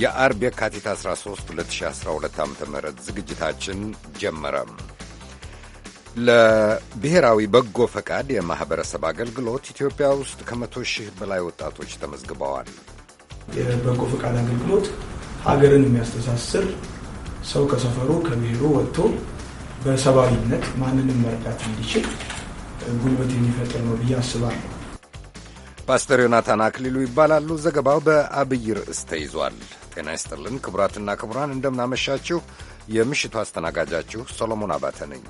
የአርብ የካቲት 13 2012 ዓ ም ዝግጅታችን ጀመረ። ለብሔራዊ በጎ ፈቃድ የማኅበረሰብ አገልግሎት ኢትዮጵያ ውስጥ ከመቶ ሺህ በላይ ወጣቶች ተመዝግበዋል። የበጎ ፈቃድ አገልግሎት ሀገርን የሚያስተሳስር ሰው ከሰፈሩ ከብሔሩ ወጥቶ በሰብአዊነት ማንንም መርዳት እንዲችል ጉልበት የሚፈጥር ነው ብዬ አስባለሁ። ፓስተር ዮናታን አክሊሉ ይባላሉ። ዘገባው በአብይ ርዕስ ተይዟል። ጤና ይስጥልን ክቡራትና ክቡራን፣ እንደምናመሻችሁ። የምሽቱ አስተናጋጃችሁ ሶሎሞን አባተ ነኝ።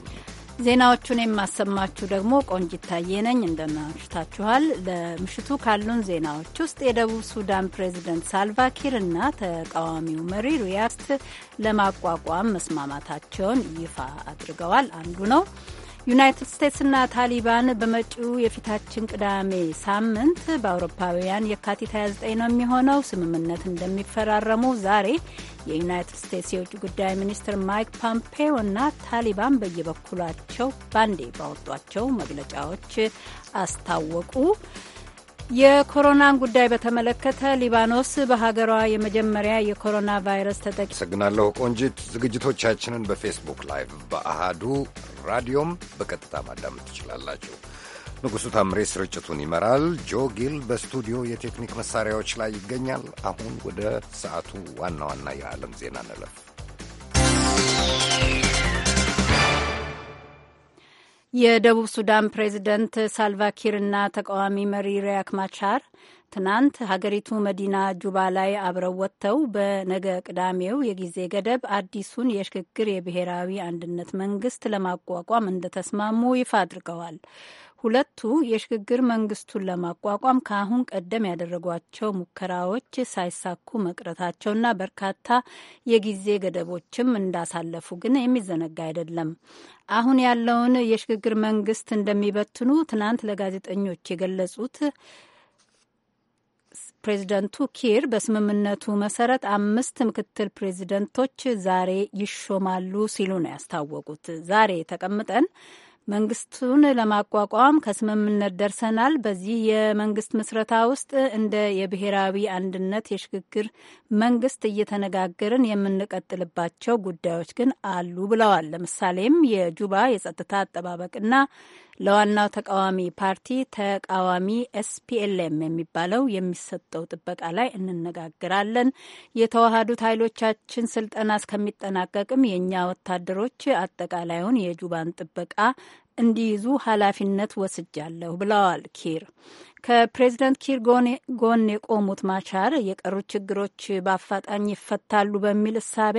ዜናዎቹን የማሰማችሁ ደግሞ ቆንጂት ታዬ ነኝ። እንደምናምሽታችኋል። ለምሽቱ ካሉን ዜናዎች ውስጥ የደቡብ ሱዳን ፕሬዚደንት ሳልቫኪር እና ተቃዋሚው መሪ ሪያክት ለማቋቋም መስማማታቸውን ይፋ አድርገዋል አንዱ ነው። ዩናይትድ ስቴትስና ታሊባን በመጪው የፊታችን ቅዳሜ ሳምንት በአውሮፓውያን የካቲት 29 ነው የሚሆነው ስምምነት እንደሚፈራረሙ ዛሬ የዩናይትድ ስቴትስ የውጭ ጉዳይ ሚኒስትር ማይክ እና ታሊባን በየበኩላቸው ባንዴ ባወጧቸው መግለጫዎች አስታወቁ። የኮሮናን ጉዳይ በተመለከተ ሊባኖስ በሀገሯ የመጀመሪያ የኮሮና ቫይረስ ተጠቂ። አመሰግናለሁ ቆንጂት። ዝግጅቶቻችንን በፌስቡክ ላይቭ በአሃዱ ራዲዮም በቀጥታ ማዳመጥ ትችላላችሁ። ንጉሡ ታምሬ ስርጭቱን ይመራል። ጆ ጊል በስቱዲዮ የቴክኒክ መሳሪያዎች ላይ ይገኛል። አሁን ወደ ሰዓቱ ዋና ዋና የዓለም ዜና እንለፍ። የደቡብ ሱዳን ሳልቫኪር ሳልቫኪርና ተቃዋሚ መሪ ሪያክ ማቻር ትናንት ሀገሪቱ መዲና ጁባ ላይ አብረው ወጥተው በነገ ቅዳሜው የጊዜ ገደብ አዲሱን የሽግግር የብሔራዊ አንድነት መንግስት ለማቋቋም እንደተስማሙ ይፋ አድርገዋል። ሁለቱ የሽግግር መንግስቱን ለማቋቋም ከአሁን ቀደም ያደረጓቸው ሙከራዎች ሳይሳኩ መቅረታቸውና በርካታ የጊዜ ገደቦችም እንዳሳለፉ ግን የሚዘነጋ አይደለም። አሁን ያለውን የሽግግር መንግስት እንደሚበትኑ ትናንት ለጋዜጠኞች የገለጹት ፕሬዚደንቱ ኪር በስምምነቱ መሰረት አምስት ምክትል ፕሬዚደንቶች ዛሬ ይሾማሉ ሲሉ ነው ያስታወቁት። ዛሬ ተቀምጠን መንግስቱን ለማቋቋም ከስምምነት ደርሰናል። በዚህ የመንግስት ምስረታ ውስጥ እንደ የብሔራዊ አንድነት የሽግግር መንግስት እየተነጋገርን የምንቀጥልባቸው ጉዳዮች ግን አሉ ብለዋል። ለምሳሌም የጁባ የጸጥታ አጠባበቅና ለዋናው ተቃዋሚ ፓርቲ ተቃዋሚ ኤስፒኤልኤም የሚባለው የሚሰጠው ጥበቃ ላይ እንነጋግራለን። የተዋሃዱት ኃይሎቻችን ስልጠና እስከሚጠናቀቅም የእኛ ወታደሮች አጠቃላዩን የጁባን ጥበቃ እንዲይዙ ኃላፊነት ወስጃለሁ ብለዋል ኪር። ከፕሬዚደንት ኪር ጎን የቆሙት ማቻር የቀሩት ችግሮች በአፋጣኝ ይፈታሉ በሚል እሳቤ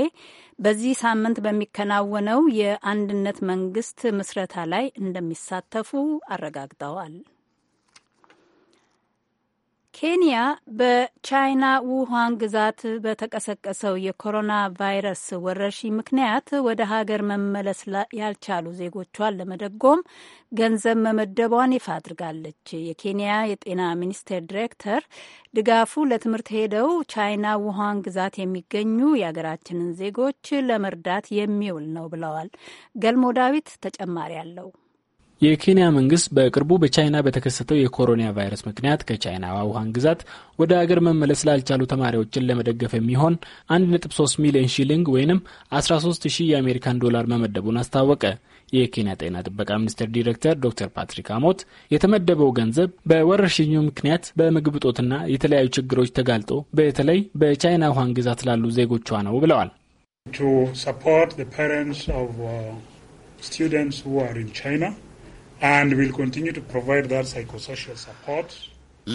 በዚህ ሳምንት በሚከናወነው የአንድነት መንግስት ምስረታ ላይ እንደሚሳተፉ አረጋግጠዋል። ኬንያ በቻይና ውሃን ግዛት በተቀሰቀሰው የኮሮና ቫይረስ ወረርሽኝ ምክንያት ወደ ሀገር መመለስ ያልቻሉ ዜጎቿን ለመደጎም ገንዘብ መመደቧን ይፋ አድርጋለች። የኬንያ የጤና ሚኒስቴር ዲሬክተር ድጋፉ ለትምህርት ሄደው ቻይና ውሃን ግዛት የሚገኙ የሀገራችንን ዜጎች ለመርዳት የሚውል ነው ብለዋል። ገልሞ ዳዊት ተጨማሪ አለው። የኬንያ መንግስት በቅርቡ በቻይና በተከሰተው የኮሮና ቫይረስ ምክንያት ከቻይና ውሃን ግዛት ወደ አገር መመለስ ላልቻሉ ተማሪዎችን ለመደገፍ የሚሆን 1.3 ሚሊዮን ሺሊንግ ወይም 130 የአሜሪካን ዶላር መመደቡን አስታወቀ። የኬንያ ጤና ጥበቃ ሚኒስቴር ዲሬክተር ዶክተር ፓትሪክ አሞት የተመደበው ገንዘብ በወረርሽኙ ምክንያት በምግብ እጦትና የተለያዩ ችግሮች ተጋልጦ በተለይ በቻይና ውሃን ግዛት ላሉ ዜጎቿ ነው ብለዋል። To support the parents of uh, students who are in China.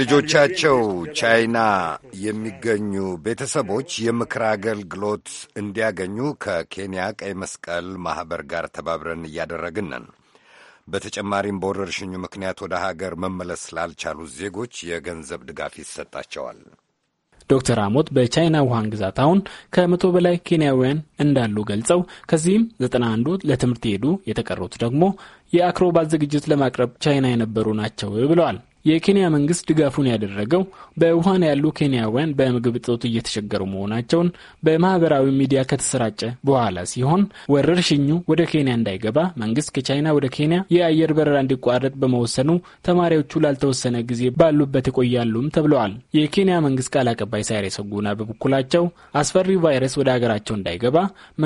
ልጆቻቸው ቻይና የሚገኙ ቤተሰቦች የምክር አገልግሎት እንዲያገኙ ከኬንያ ቀይ መስቀል ማኅበር ጋር ተባብረን እያደረግን ነን። በተጨማሪም በወረርሽኙ ምክንያት ወደ ሀገር መመለስ ላልቻሉ ዜጎች የገንዘብ ድጋፍ ይሰጣቸዋል። ዶክተር አሞት በቻይና ውሃን ግዛት አሁን ከመቶ በላይ ኬንያውያን እንዳሉ ገልጸው ከዚህም ዘጠና አንዱ ለትምህርት ሄዱ፣ የተቀሩት ደግሞ የአክሮባት ዝግጅት ለማቅረብ ቻይና የነበሩ ናቸው ብለዋል። የኬንያ መንግስት ድጋፉን ያደረገው በውሃን ያሉ ኬንያውያን በምግብ እጦት እየተቸገሩ መሆናቸውን በማህበራዊ ሚዲያ ከተሰራጨ በኋላ ሲሆን ወረርሽኙ ወደ ኬንያ እንዳይገባ መንግስት ከቻይና ወደ ኬንያ የአየር በረራ እንዲቋረጥ በመወሰኑ ተማሪዎቹ ላልተወሰነ ጊዜ ባሉበት ይቆያሉም ተብለዋል። የኬንያ መንግስት ቃል አቀባይ ሳይሬ ሰጉና በበኩላቸው አስፈሪው ቫይረስ ወደ ሀገራቸው እንዳይገባ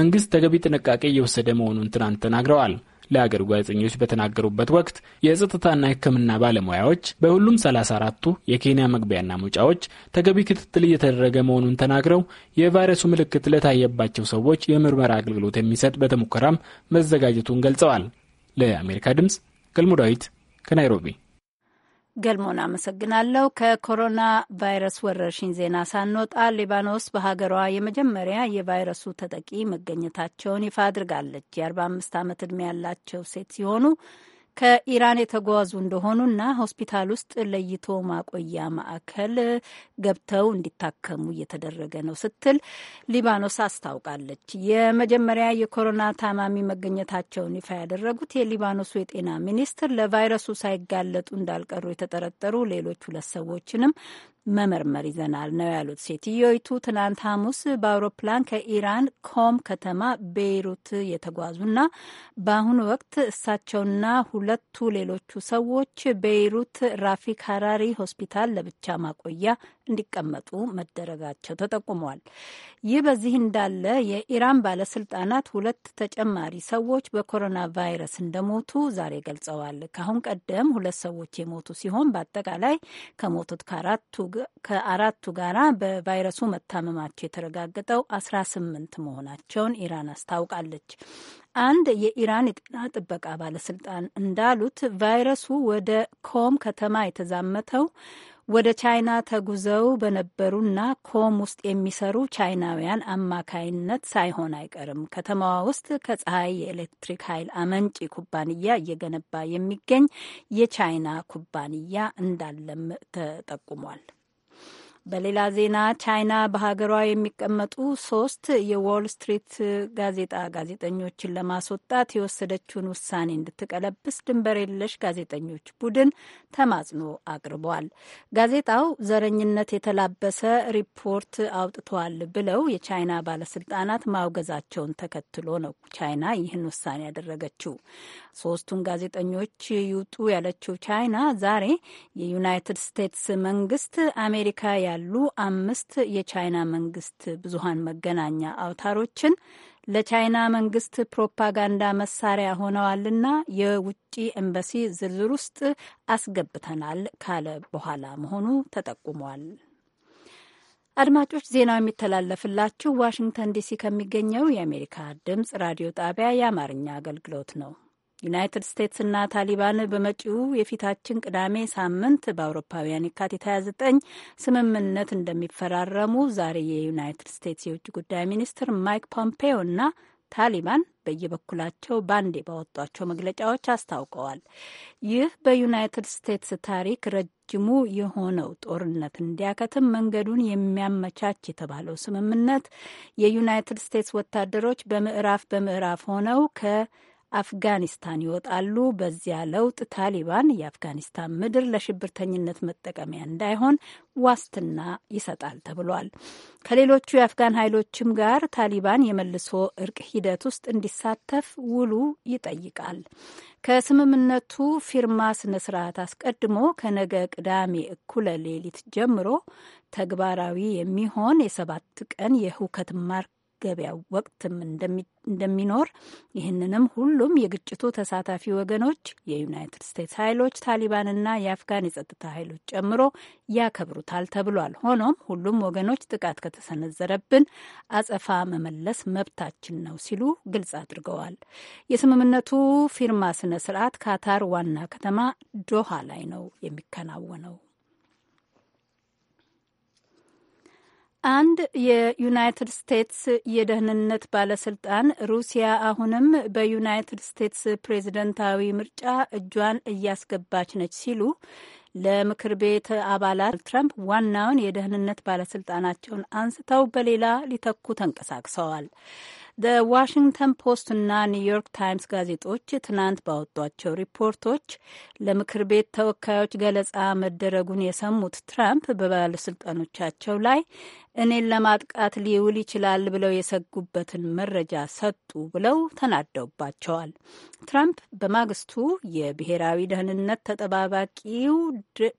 መንግስት ተገቢ ጥንቃቄ እየወሰደ መሆኑን ትናንት ተናግረዋል። ለአገሩ ጋዜጠኞች በተናገሩበት ወቅት የጸጥታና ሕክምና ባለሙያዎች በሁሉም 34ቱ የኬንያ መግቢያና መውጫዎች ተገቢ ክትትል እየተደረገ መሆኑን ተናግረው የቫይረሱ ምልክት ለታየባቸው ሰዎች የምርመራ አገልግሎት የሚሰጥ ቤተ ሙከራም መዘጋጀቱን ገልጸዋል። ለአሜሪካ ድምጽ ገልሞ ዳዊት ከናይሮቢ ገልሞን አመሰግናለሁ። ከኮሮና ቫይረስ ወረርሽኝ ዜና ሳንወጣ ሊባኖስ በሀገሯ የመጀመሪያ የቫይረሱ ተጠቂ መገኘታቸውን ይፋ አድርጋለች። የ45 ዓመት ዕድሜ ያላቸው ሴት ሲሆኑ ከኢራን የተጓዙ እንደሆኑና ሆስፒታል ውስጥ ለይቶ ማቆያ ማዕከል ገብተው እንዲታከሙ እየተደረገ ነው ስትል ሊባኖስ አስታውቃለች። የመጀመሪያ የኮሮና ታማሚ መገኘታቸውን ይፋ ያደረጉት የሊባኖሱ የጤና ሚኒስትር ለቫይረሱ ሳይጋለጡ እንዳልቀሩ የተጠረጠሩ ሌሎች ሁለት ሰዎችንም መመርመር ይዘናል ነው ያሉት። ሴትዮይቱ ትናንት ሐሙስ በአውሮፕላን ከኢራን ኮም ከተማ ቤይሩት የተጓዙና በአሁኑ ወቅት እሳቸውና ሁለቱ ሌሎቹ ሰዎች ቤይሩት ራፊክ ሀራሪ ሆስፒታል ለብቻ ማቆያ እንዲቀመጡ መደረጋቸው ተጠቁመዋል። ይህ በዚህ እንዳለ የኢራን ባለስልጣናት ሁለት ተጨማሪ ሰዎች በኮሮና ቫይረስ እንደሞቱ ዛሬ ገልጸዋል። ከአሁን ቀደም ሁለት ሰዎች የሞቱ ሲሆን በአጠቃላይ ከሞቱት ከአራቱ ጋራ በቫይረሱ መታመማቸው የተረጋገጠው አስራ ስምንት መሆናቸውን ኢራን አስታውቃለች። አንድ የኢራን የጤና ጥበቃ ባለስልጣን እንዳሉት ቫይረሱ ወደ ኮም ከተማ የተዛመተው ወደ ቻይና ተጉዘው በነበሩና ኮም ውስጥ የሚሰሩ ቻይናውያን አማካይነት ሳይሆን አይቀርም። ከተማዋ ውስጥ ከፀሐይ የኤሌክትሪክ ኃይል አመንጪ ኩባንያ እየገነባ የሚገኝ የቻይና ኩባንያ እንዳለም ተጠቁሟል። በሌላ ዜና ቻይና በሀገሯ የሚቀመጡ ሶስት የዎል ስትሪት ጋዜጣ ጋዜጠኞችን ለማስወጣት የወሰደችውን ውሳኔ እንድትቀለብስ ድንበር የለሽ ጋዜጠኞች ቡድን ተማጽኖ አቅርቧል። ጋዜጣው ዘረኝነት የተላበሰ ሪፖርት አውጥተዋል ብለው የቻይና ባለስልጣናት ማውገዛቸውን ተከትሎ ነው ቻይና ይህን ውሳኔ ያደረገችው። ሶስቱን ጋዜጠኞች ይውጡ ያለችው ቻይና ዛሬ የዩናይትድ ስቴትስ መንግስት አሜሪካ ያሉ አምስት የቻይና መንግስት ብዙሀን መገናኛ አውታሮችን ለቻይና መንግስት ፕሮፓጋንዳ መሳሪያ ሆነዋልና የውጭ ኤምባሲ ዝርዝር ውስጥ አስገብተናል ካለ በኋላ መሆኑ ተጠቁሟል። አድማጮች ዜናው የሚተላለፍላችሁ ዋሽንግተን ዲሲ ከሚገኘው የአሜሪካ ድምጽ ራዲዮ ጣቢያ የአማርኛ አገልግሎት ነው። ዩናይትድ ስቴትስና ታሊባን በመጪው የፊታችን ቅዳሜ ሳምንት በአውሮፓውያን የካቲት 29 ስምምነት እንደሚፈራረሙ ዛሬ የዩናይትድ ስቴትስ የውጭ ጉዳይ ሚኒስትር ማይክ ፖምፔዮ እና ታሊባን በየበኩላቸው ባንዴ ባወጧቸው መግለጫዎች አስታውቀዋል። ይህ በዩናይትድ ስቴትስ ታሪክ ረጅሙ የሆነው ጦርነት እንዲያከትም መንገዱን የሚያመቻች የተባለው ስምምነት የዩናይትድ ስቴትስ ወታደሮች በምዕራፍ በምዕራፍ ሆነው ከ አፍጋኒስታን ይወጣሉ። በዚያ ለውጥ ታሊባን የአፍጋኒስታን ምድር ለሽብርተኝነት መጠቀሚያ እንዳይሆን ዋስትና ይሰጣል ተብሏል። ከሌሎቹ የአፍጋን ኃይሎችም ጋር ታሊባን የመልሶ እርቅ ሂደት ውስጥ እንዲሳተፍ ውሉ ይጠይቃል። ከስምምነቱ ፊርማ ስነ ስርዓት አስቀድሞ ከነገ ቅዳሜ እኩለ ሌሊት ጀምሮ ተግባራዊ የሚሆን የሰባት ቀን የህውከት ማርክ ገበያ ወቅትም እንደሚኖር ይህንንም ሁሉም የግጭቱ ተሳታፊ ወገኖች የዩናይትድ ስቴትስ ኃይሎች፣ ታሊባንና የአፍጋን የጸጥታ ኃይሎች ጨምሮ ያከብሩታል ተብሏል። ሆኖም ሁሉም ወገኖች ጥቃት ከተሰነዘረብን አጸፋ መመለስ መብታችን ነው ሲሉ ግልጽ አድርገዋል። የስምምነቱ ፊርማ ስነ ስርዓት ካታር ዋና ከተማ ዶሃ ላይ ነው የሚከናወነው። አንድ የዩናይትድ ስቴትስ የደህንነት ባለስልጣን ሩሲያ አሁንም በዩናይትድ ስቴትስ ፕሬዝደንታዊ ምርጫ እጇን እያስገባች ነች ሲሉ ለምክር ቤት አባላት ትራምፕ ዋናውን የደህንነት ባለስልጣናቸውን አንስተው በሌላ ሊተኩ ተንቀሳቅሰዋል። ዋሽንግተን ፖስት እና ኒውዮርክ ታይምስ ጋዜጦች ትናንት ባወጧቸው ሪፖርቶች ለምክር ቤት ተወካዮች ገለጻ መደረጉን የሰሙት ትራምፕ በባለስልጣኖቻቸው ላይ እኔን ለማጥቃት ሊውል ይችላል ብለው የሰጉበትን መረጃ ሰጡ ብለው ተናደውባቸዋል። ትራምፕ በማግስቱ የብሔራዊ ደህንነት ተጠባባቂው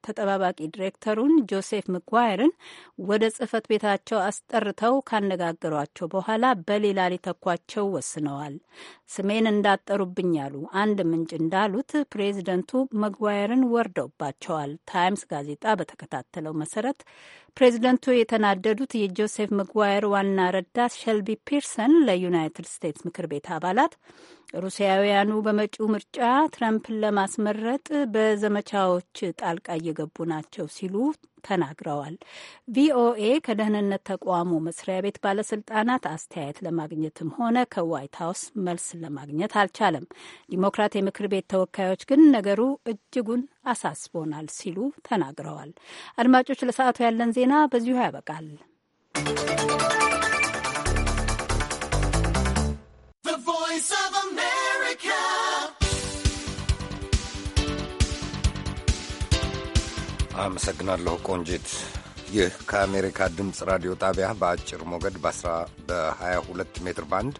ተጠባባቂ ዲሬክተሩን ጆሴፍ ምጓየርን ወደ ጽህፈት ቤታቸው አስጠርተው ካነጋገሯቸው በኋላ በሌላ ሊተኳቸው ወስነዋል። ስሜን እንዳጠሩብኝ ያሉ አንድ ምንጭ እንዳሉት ፕሬዚደንቱ መግዋየርን ወርደውባቸዋል። ታይምስ ጋዜጣ በተከታተለው መሰረት ፕሬዚደንቱ የተናደዱ የተሰናበቱት የጆሴፍ መግዋየር ዋና ረዳት ሸልቢ ፒርሰን ለዩናይትድ ስቴትስ ምክር ቤት አባላት ሩሲያውያኑ በመጪው ምርጫ ትረምፕን ለማስመረጥ በዘመቻዎች ጣልቃ እየገቡ ናቸው ሲሉ ተናግረዋል። ቪኦኤ ከደህንነት ተቋሙ መስሪያ ቤት ባለስልጣናት አስተያየት ለማግኘትም ሆነ ከዋይት ሀውስ መልስ ለማግኘት አልቻለም። ዲሞክራት የምክር ቤት ተወካዮች ግን ነገሩ እጅጉን አሳስቦናል ሲሉ ተናግረዋል። አድማጮች፣ ለሰዓቱ ያለን ዜና በዚሁ ያበቃል። አመሰግናለሁ ቆንጂት። ይህ ከአሜሪካ ድምፅ ራዲዮ ጣቢያ በአጭር ሞገድ በ22 ሜትር ባንድ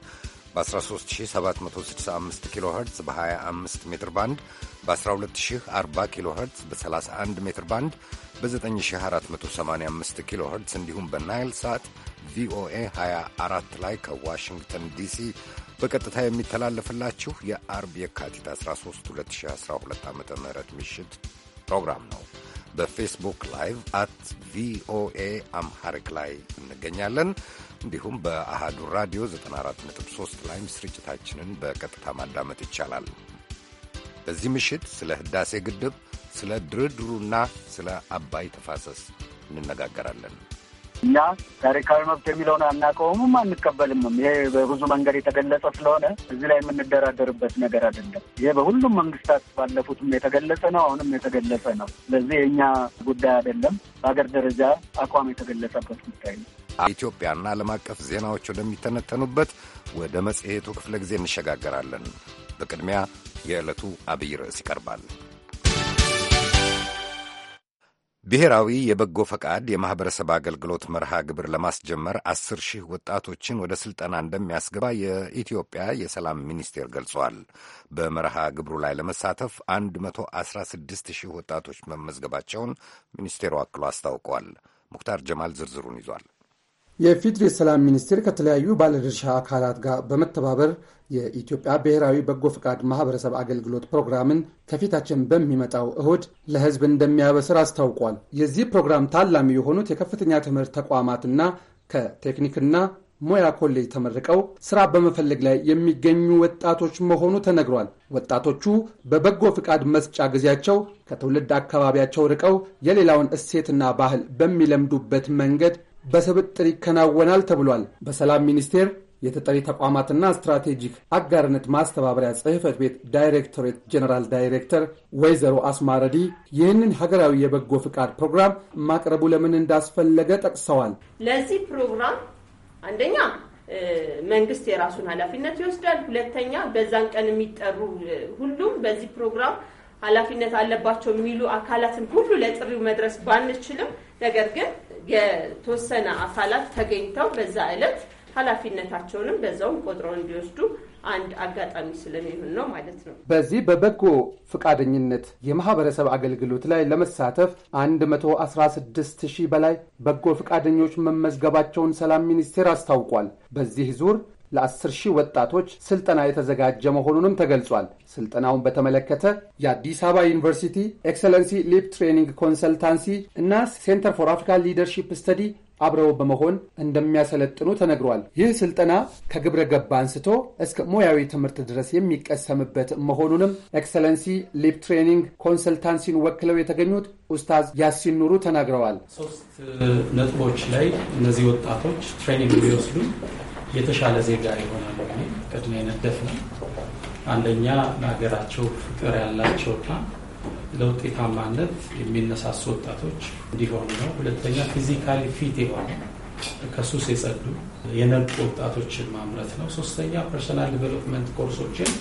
በ13765 ኪሎ ኸርትዝ በ25 ሜትር ባንድ በ12040 ኪሎ ኸርትዝ በ31 ሜትር ባንድ በ9485 ኪሎ ኸርትዝ እንዲሁም በናይል ሳት ቪኦኤ 24 ላይ ከዋሽንግተን ዲሲ በቀጥታ የሚተላለፍላችሁ የአርብ የካቲት 13 2012 ዓ ም ምሽት ፕሮግራም ነው። በፌስቡክ ላይቭ አት ቪኦኤ አምሐሪክ ላይ እንገኛለን። እንዲሁም በአሃዱ ራዲዮ 94.3 ላይም ስርጭታችንን በቀጥታ ማዳመጥ ይቻላል። በዚህ ምሽት ስለ ህዳሴ ግድብ፣ ስለ ድርድሩና ስለ አባይ ተፋሰስ እንነጋገራለን። እኛ ታሪካዊ መብት የሚለውን አናቀውምም አንቀበልምም። ይሄ በብዙ መንገድ የተገለጸ ስለሆነ እዚህ ላይ የምንደራደርበት ነገር አይደለም። ይሄ በሁሉም መንግስታት ባለፉትም የተገለጸ ነው፣ አሁንም የተገለጸ ነው። ስለዚህ የእኛ ጉዳይ አይደለም። በሀገር ደረጃ አቋም የተገለጸበት ጉዳይ ነው። ኢትዮጵያና ዓለም አቀፍ ዜናዎች ወደሚተነተኑበት ወደ መጽሔቱ ክፍለ ጊዜ እንሸጋገራለን። በቅድሚያ የዕለቱ አብይ ርዕስ ይቀርባል። ብሔራዊ የበጎ ፈቃድ የማኅበረሰብ አገልግሎት መርሃ ግብር ለማስጀመር አስር ሺህ ወጣቶችን ወደ ሥልጠና እንደሚያስገባ የኢትዮጵያ የሰላም ሚኒስቴር ገልጿል። በመርሃ ግብሩ ላይ ለመሳተፍ 116 ሺህ ወጣቶች መመዝገባቸውን ሚኒስቴሩ አክሎ አስታውቋል። ሙክታር ጀማል ዝርዝሩን ይዟል። የፊድሪ ሰላም ሚኒስቴር ከተለያዩ ባለድርሻ አካላት ጋር በመተባበር የኢትዮጵያ ብሔራዊ በጎ ፈቃድ ማህበረሰብ አገልግሎት ፕሮግራምን ከፊታችን በሚመጣው እሁድ ለሕዝብ እንደሚያበስር አስታውቋል። የዚህ ፕሮግራም ታላሚ የሆኑት የከፍተኛ ትምህርት ተቋማትና ከቴክኒክና ሙያ ኮሌጅ ተመርቀው ስራ በመፈለግ ላይ የሚገኙ ወጣቶች መሆኑ ተነግሯል። ወጣቶቹ በበጎ ፍቃድ መስጫ ጊዜያቸው ከትውልድ አካባቢያቸው ርቀው የሌላውን እሴትና ባህል በሚለምዱበት መንገድ በስብጥር ይከናወናል ተብሏል። በሰላም ሚኒስቴር የተጠሪ ተቋማትና ስትራቴጂክ አጋርነት ማስተባበሪያ ጽህፈት ቤት ዳይሬክቶሬት ጀነራል ዳይሬክተር ወይዘሮ አስማረዲ ይህንን ሀገራዊ የበጎ ፍቃድ ፕሮግራም ማቅረቡ ለምን እንዳስፈለገ ጠቅሰዋል። ለዚህ ፕሮግራም አንደኛ መንግስት የራሱን ኃላፊነት ይወስዳል። ሁለተኛ በዛን ቀን የሚጠሩ ሁሉም በዚህ ፕሮግራም ኃላፊነት አለባቸው የሚሉ አካላትን ሁሉ ለጥሪው መድረስ ባንችልም ነገር ግን የተወሰነ አካላት ተገኝተው በዛ ዕለት ኃላፊነታቸውንም በዛውም ቆጥረው እንዲወስዱ አንድ አጋጣሚ ስለሚሆን ነው ማለት ነው። በዚህ በበጎ ፈቃደኝነት የማህበረሰብ አገልግሎት ላይ ለመሳተፍ 116 ሺህ በላይ በጎ ፈቃደኞች መመዝገባቸውን ሰላም ሚኒስቴር አስታውቋል። በዚህ ዙር ለአስር ሺህ ወጣቶች ስልጠና የተዘጋጀ መሆኑንም ተገልጿል። ስልጠናውን በተመለከተ የአዲስ አበባ ዩኒቨርሲቲ ኤክሰለንሲ ሊፕ ትሬኒንግ ኮንሰልታንሲ እና ሴንተር ፎር አፍሪካ ሊደርሺፕ ስተዲ አብረው በመሆን እንደሚያሰለጥኑ ተነግሯል። ይህ ስልጠና ከግብረ ገባ አንስቶ እስከ ሙያዊ ትምህርት ድረስ የሚቀሰምበት መሆኑንም ኤክሰለንሲ ሊፕ ትሬኒንግ ኮንሰልታንሲን ወክለው የተገኙት ኡስታዝ ያሲን ኑሩ ተናግረዋል። ሶስት ነጥቦች ላይ እነዚህ ወጣቶች ትሬኒንግ ቢወስዱ የተሻለ ዜጋ ይሆናሉ የሚል ቅድሚያ የነደፍ ነው። አንደኛ ለሀገራቸው ፍቅር ያላቸውና ለውጤታማነት የሚነሳሱ ወጣቶች እንዲሆኑ ነው። ሁለተኛ ፊዚካሊ ፊት የሆኑ ከሱስ የጸዱ የነቁ ወጣቶችን ማምረት ነው። ሶስተኛ ፐርሰናል ዲቨሎፕመንት ኮርሶችን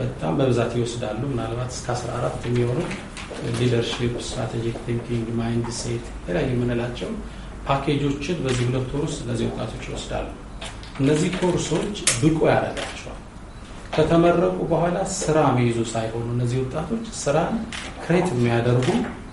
በጣም በብዛት ይወስዳሉ። ምናልባት እስከ 14 የሚሆኑ ሊደርሺፕ፣ ስትራቴጂክ ቲንኪንግ፣ ማይንድ ሴት የተለያዩ የምንላቸው ፓኬጆችን በዚህ ሁለት ወር ውስጥ እነዚህ ወጣቶች ይወስዳሉ። እነዚህ ኮርሶች ብቁ ያደርጋቸዋል። ከተመረቁ በኋላ ስራ መይዙ ሳይሆኑ እነዚህ ወጣቶች ስራን ክሬት የሚያደርጉ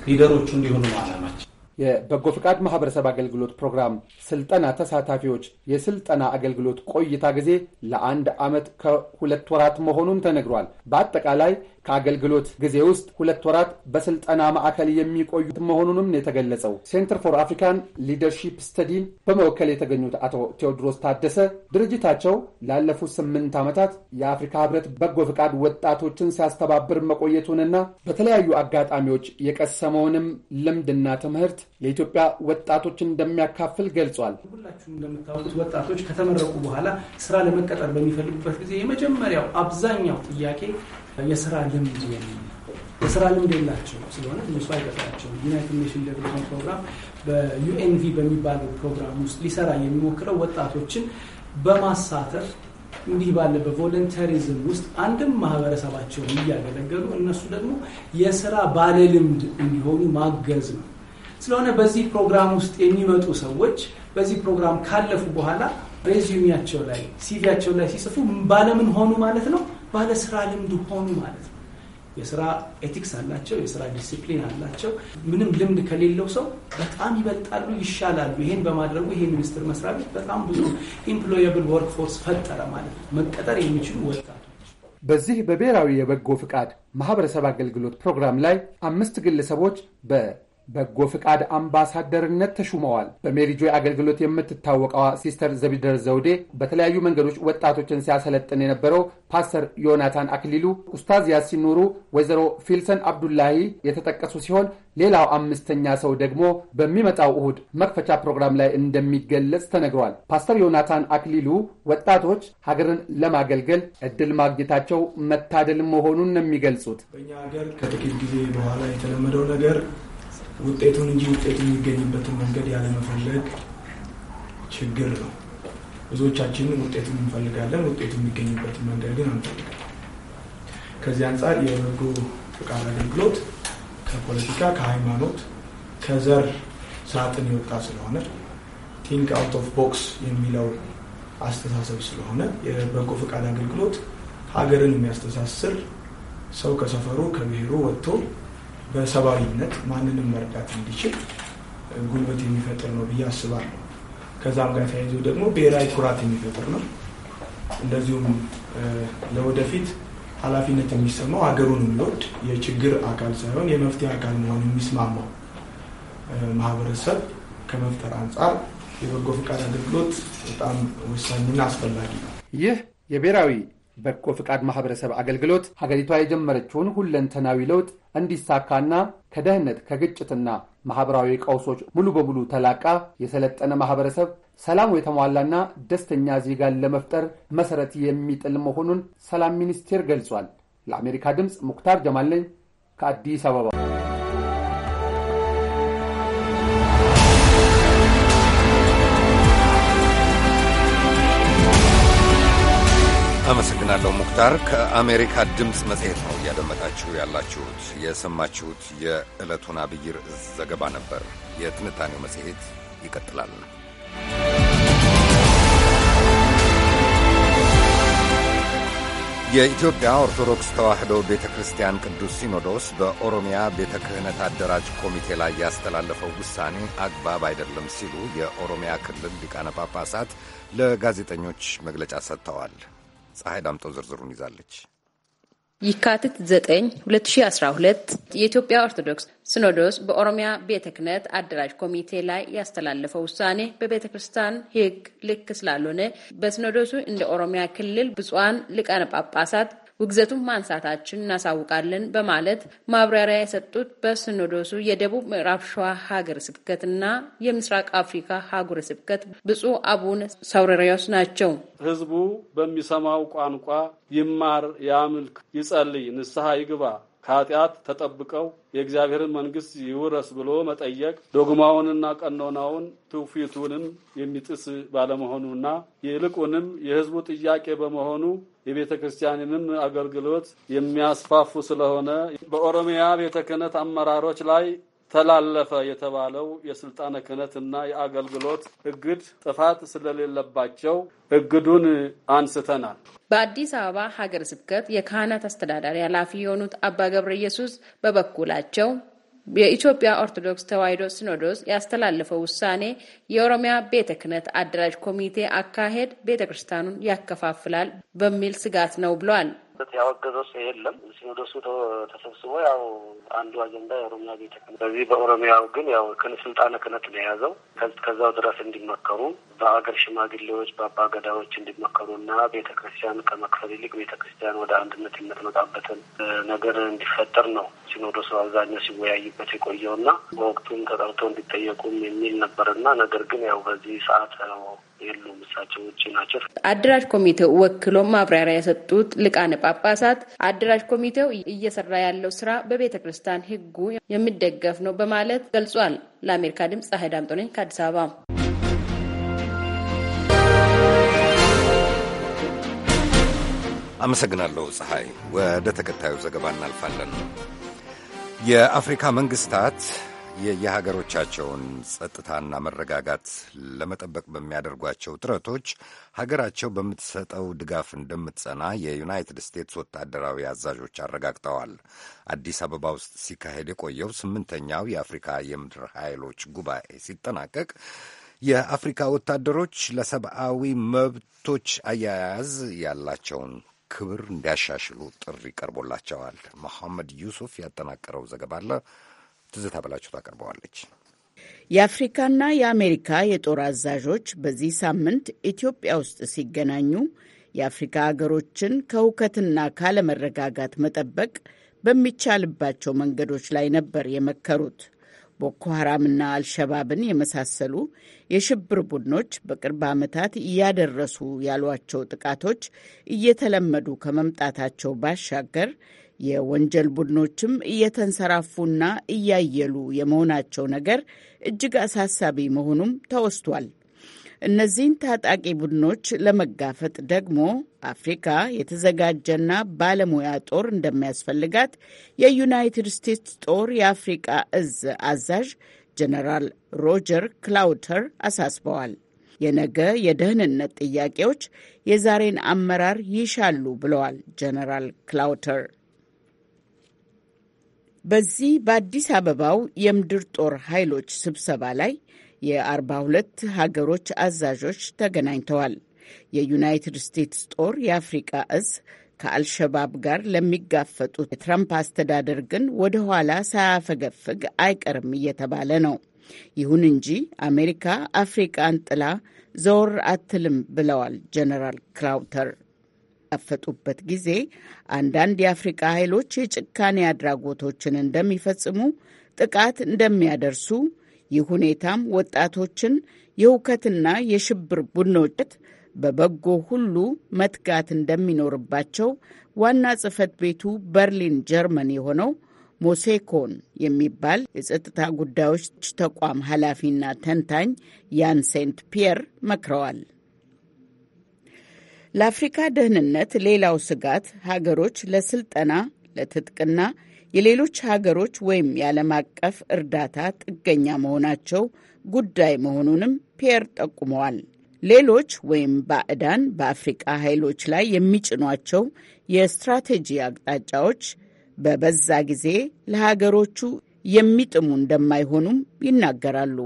ሊደሮቹ እንዲሆኑ ማለማቸው። የበጎ ፈቃድ ማህበረሰብ አገልግሎት ፕሮግራም ስልጠና ተሳታፊዎች የስልጠና አገልግሎት ቆይታ ጊዜ ለአንድ ዓመት ከሁለት ወራት መሆኑን ተነግሯል። በአጠቃላይ ከአገልግሎት ጊዜ ውስጥ ሁለት ወራት በስልጠና ማዕከል የሚቆዩት መሆኑንም የተገለጸው። ሴንተር ፎር አፍሪካን ሊደርሺፕ ስተዲን በመወከል የተገኙት አቶ ቴዎድሮስ ታደሰ ድርጅታቸው ላለፉት ስምንት ዓመታት የአፍሪካ ህብረት በጎ ፈቃድ ወጣቶችን ሲያስተባብር መቆየቱንና በተለያዩ አጋጣሚዎች የቀሰመውንም ልምድና ትምህርት የኢትዮጵያ ወጣቶች እንደሚያካፍል ገልጿል። ሁላችሁም እንደምታወቁት ወጣቶች ከተመረቁ በኋላ ስራ ለመቀጠር በሚፈልጉበት ጊዜ የመጀመሪያው አብዛኛው ጥያቄ የስራ ልምድ የስራ ልምድ የላቸው ስለሆነ እነሱ አይቀጥራቸው። ዩናይትድ ኔሽን ዴቨሎፕመንት ፕሮግራም በዩኤንቪ በሚባለው ፕሮግራም ውስጥ ሊሰራ የሚሞክረው ወጣቶችን በማሳተፍ እንዲህ ባለ በቮለንተሪዝም ውስጥ አንድም ማህበረሰባቸውን እያገለገሉ እነሱ ደግሞ የስራ ባለልምድ እንዲሆኑ ማገዝ ነው። ስለሆነ በዚህ ፕሮግራም ውስጥ የሚመጡ ሰዎች በዚህ ፕሮግራም ካለፉ በኋላ ሬዚዩሚያቸው ላይ ሲቪያቸው ላይ ሲጽፉ ባለምን ሆኑ ማለት ነው፣ ባለ ስራ ልምድ ሆኑ ማለት ነው። የስራ ኤቲክስ አላቸው፣ የስራ ዲሲፕሊን አላቸው። ምንም ልምድ ከሌለው ሰው በጣም ይበልጣሉ፣ ይሻላሉ። ይሄን በማድረጉ ይሄ ሚኒስቴር መስሪያ ቤት በጣም ብዙ ኢምፕሎየብል ወርክ ፎርስ ፈጠረ ማለት ነው። መቀጠር የሚችሉ ወጣቶች በዚህ በብሔራዊ የበጎ ፍቃድ ማህበረሰብ አገልግሎት ፕሮግራም ላይ አምስት ግለሰቦች በ በጎ ፍቃድ አምባሳደርነት ተሹመዋል። በሜሪጆይ አገልግሎት የምትታወቀዋ ሲስተር ዘቢደር ዘውዴ በተለያዩ መንገዶች ወጣቶችን ሲያሰለጥን የነበረው ፓስተር ዮናታን አክሊሉ፣ ያሲን ኑሩ፣ ወይዘሮ ፊልሰን አብዱላሂ የተጠቀሱ ሲሆን ሌላው አምስተኛ ሰው ደግሞ በሚመጣው እሁድ መክፈቻ ፕሮግራም ላይ እንደሚገለጽ ተነግሯል። ፓስተር ዮናታን አክሊሉ ወጣቶች ሀገርን ለማገልገል እድል ማግኘታቸው መታደል መሆኑን ነው የሚገልጹት። በእኛ ሀገር ከጥቂት ጊዜ በኋላ የተለመደው ነገር ውጤቱን እንጂ ውጤቱ የሚገኝበትን መንገድ ያለመፈለግ ችግር ነው። ብዙዎቻችንን ውጤቱን እንፈልጋለን፣ ውጤቱ የሚገኝበትን መንገድ ግን አንፈልጋል። ከዚህ አንጻር የበጎ ፈቃድ አገልግሎት ከፖለቲካ፣ ከሃይማኖት፣ ከዘር ሳጥን የወጣ ስለሆነ ቲንክ አውት ኦፍ ቦክስ የሚለው አስተሳሰብ ስለሆነ የበጎ ፈቃድ አገልግሎት ሀገርን የሚያስተሳስር ሰው ከሰፈሩ ከብሔሩ ወጥቶ በሰብአዊነት ማንንም መርዳት እንዲችል ጉልበት የሚፈጥር ነው ብዬ አስባለሁ። ከዛም ጋር ተያይዞ ደግሞ ብሔራዊ ኩራት የሚፈጥር ነው። እንደዚሁም ለወደፊት ኃላፊነት የሚሰማው ሀገሩን የሚወድ የችግር አካል ሳይሆን የመፍትሄ አካል መሆን የሚስማማው ማህበረሰብ ከመፍጠር አንጻር የበጎ ፈቃድ አገልግሎት በጣም ወሳኝና አስፈላጊ ነው። ይህ የብሔራዊ በጎ ፈቃድ ማህበረሰብ አገልግሎት ሀገሪቷ የጀመረችውን ሁለንተናዊ ለውጥ እንዲሳካና ከደህንነት፣ ከግጭትና ማህበራዊ ቀውሶች ሙሉ በሙሉ ተላቃ የሰለጠነ ማህበረሰብ ሰላሙ የተሟላና ደስተኛ ዜጋን ለመፍጠር መሠረት የሚጥል መሆኑን ሰላም ሚኒስቴር ገልጿል። ለአሜሪካ ድምፅ ሙክታር ጀማል ነኝ ከአዲስ አበባ። ዳር ከአሜሪካ ድምፅ መጽሔት ነው እያደመጣችሁ ያላችሁት። የሰማችሁት የዕለቱን አብይ ርዕስ ዘገባ ነበር። የትንታኔው መጽሔት ይቀጥላል። የኢትዮጵያ ኦርቶዶክስ ተዋሕዶ ቤተ ክርስቲያን ቅዱስ ሲኖዶስ በኦሮሚያ ቤተ ክህነት አደራጅ ኮሚቴ ላይ ያስተላለፈው ውሳኔ አግባብ አይደለም ሲሉ የኦሮሚያ ክልል ሊቃነ ጳጳሳት ለጋዜጠኞች መግለጫ ሰጥተዋል። ፀሐይ ዳምጠው ዝርዝሩን ይዛለች። ይካትት 9 2012 የኢትዮጵያ ኦርቶዶክስ ሲኖዶስ በኦሮሚያ ቤተ ክህነት አደራጅ ኮሚቴ ላይ ያስተላለፈው ውሳኔ በቤተ ክርስቲያን ሕግ ልክ ስላልሆነ በሲኖዶሱ እንደ ኦሮሚያ ክልል ብፁዓን ሊቃነ ጳጳሳት ውግዘቱን ማንሳታችን እናሳውቃለን በማለት ማብራሪያ የሰጡት በሲኖዶሱ የደቡብ ምዕራብ ሸዋ ሀገረ ስብከትና የምስራቅ አፍሪካ ሀገረ ስብከት ብፁዕ አቡነ ሳውረሪያስ ናቸው። ህዝቡ በሚሰማው ቋንቋ ይማር፣ ያምልክ፣ ይጸልይ፣ ንስሐ ይግባ ከኃጢአት ተጠብቀው የእግዚአብሔርን መንግስት ይውረስ ብሎ መጠየቅ ዶግማውንና ቀኖናውን ትውፊቱንም የሚጥስ ባለመሆኑና ይልቁንም የህዝቡ ጥያቄ በመሆኑ የቤተ ክርስቲያንንም አገልግሎት የሚያስፋፉ ስለሆነ በኦሮሚያ ቤተ ክህነት አመራሮች ላይ ተላለፈ የተባለው የስልጣነ ክህነት እና የአገልግሎት እግድ ጥፋት ስለሌለባቸው እግዱን አንስተናል። በአዲስ አበባ ሀገረ ስብከት የካህናት አስተዳዳሪ ኃላፊ የሆኑት አባ ገብረ ኢየሱስ በበኩላቸው የኢትዮጵያ ኦርቶዶክስ ተዋሕዶ ሲኖዶስ ያስተላለፈው ውሳኔ የኦሮሚያ ቤተ ክህነት አደራጅ ኮሚቴ አካሄድ ቤተ ክርስቲያኑን ያከፋፍላል በሚል ስጋት ነው ብለዋል። ያለበት ያወገዘው ሰው የለም። ሲኖዶሱ ተሰብስቦ ያው አንዱ አጀንዳ የኦሮሚያ ቤተ ክህነት በዚህ በኦሮሚያው ግን ያው ስልጣነ ክነት ነው የያዘው። ከዛው ድረስ እንዲመከሩ በሀገር ሽማግሌዎች በአባ ገዳዎች እንዲመከሩ እና ቤተ ክርስቲያን ከመክፈል ይልቅ ቤተ ክርስቲያን ወደ አንድነት የምትመጣበትን ነገር እንዲፈጠር ነው ሲኖዶሱ አብዛኛው ሲወያይበት የቆየው እና በወቅቱም ተጠርቶ እንዲጠየቁም የሚል ነበር እና ነገር ግን ያው በዚህ ሰዓት ነው የሉም። እሳቸው ውጭ ናቸው። አደራጅ ኮሚቴው ወክሎ ማብራሪያ የሰጡት ልቃነ ጳጳሳት አደራጅ ኮሚቴው እየሰራ ያለው ስራ በቤተ ክርስቲያን ሕጉ የሚደገፍ ነው በማለት ገልጿል። ለአሜሪካ ድምፅ ፀሐይ ዳምጦ ነኝ ከአዲስ አበባ። አመሰግናለሁ ፀሐይ። ወደ ተከታዩ ዘገባ እናልፋለን። የአፍሪካ መንግስታት የየሀገሮቻቸውን ጸጥታና መረጋጋት ለመጠበቅ በሚያደርጓቸው ጥረቶች ሀገራቸው በምትሰጠው ድጋፍ እንደምትጸና የዩናይትድ ስቴትስ ወታደራዊ አዛዦች አረጋግጠዋል። አዲስ አበባ ውስጥ ሲካሄድ የቆየው ስምንተኛው የአፍሪካ የምድር ኃይሎች ጉባኤ ሲጠናቀቅ የአፍሪካ ወታደሮች ለሰብአዊ መብቶች አያያዝ ያላቸውን ክብር እንዲያሻሽሉ ጥሪ ቀርቦላቸዋል። መሐመድ ዩሱፍ ያጠናቀረው ዘገባ አለ። ትዝታ በላቸው ታቀርበዋለች። የአፍሪካና የአሜሪካ የጦር አዛዦች በዚህ ሳምንት ኢትዮጵያ ውስጥ ሲገናኙ የአፍሪካ ሀገሮችን ከሁከትና ካለመረጋጋት መጠበቅ በሚቻልባቸው መንገዶች ላይ ነበር የመከሩት። ቦኮ ሐራምና አልሸባብን የመሳሰሉ የሽብር ቡድኖች በቅርብ ዓመታት እያደረሱ ያሏቸው ጥቃቶች እየተለመዱ ከመምጣታቸው ባሻገር የወንጀል ቡድኖችም እየተንሰራፉና እያየሉ የመሆናቸው ነገር እጅግ አሳሳቢ መሆኑም ተወስቷል። እነዚህን ታጣቂ ቡድኖች ለመጋፈጥ ደግሞ አፍሪካ የተዘጋጀና ባለሙያ ጦር እንደሚያስፈልጋት የዩናይትድ ስቴትስ ጦር የአፍሪቃ እዝ አዛዥ ጀነራል ሮጀር ክላውተር አሳስበዋል። የነገ የደህንነት ጥያቄዎች የዛሬን አመራር ይሻሉ ብለዋል ጀነራል ክላውተር። በዚህ በአዲስ አበባው የምድር ጦር ኃይሎች ስብሰባ ላይ የአርባ ሁለት ሀገሮች አዛዦች ተገናኝተዋል። የዩናይትድ ስቴትስ ጦር የአፍሪቃ እዝ ከአልሸባብ ጋር ለሚጋፈጡት የትራምፕ አስተዳደር ግን ወደ ኋላ ሳያፈገፍግ አይቀርም እየተባለ ነው። ይሁን እንጂ አሜሪካ አፍሪቃን ጥላ ዘወር አትልም ብለዋል ጀነራል ክራውተር። በሚጋፈጡበት ጊዜ አንዳንድ የአፍሪቃ ኃይሎች የጭካኔ አድራጎቶችን እንደሚፈጽሙ፣ ጥቃት እንደሚያደርሱ፣ ይህ ሁኔታም ወጣቶችን የሁከትና የሽብር ቡድኖች በበጎ ሁሉ መትጋት እንደሚኖርባቸው ዋና ጽህፈት ቤቱ በርሊን ጀርመን የሆነው ሞሴኮን የሚባል የጸጥታ ጉዳዮች ተቋም ኃላፊና ተንታኝ ያን ሴንት ፒየር መክረዋል። ለአፍሪካ ደህንነት ሌላው ስጋት ሀገሮች ለስልጠና ለትጥቅና የሌሎች ሀገሮች ወይም የዓለም አቀፍ እርዳታ ጥገኛ መሆናቸው ጉዳይ መሆኑንም ፒየር ጠቁመዋል። ሌሎች ወይም ባዕዳን በአፍሪቃ ኃይሎች ላይ የሚጭኗቸው የስትራቴጂ አቅጣጫዎች በበዛ ጊዜ ለሀገሮቹ የሚጥሙ እንደማይሆኑም ይናገራሉ።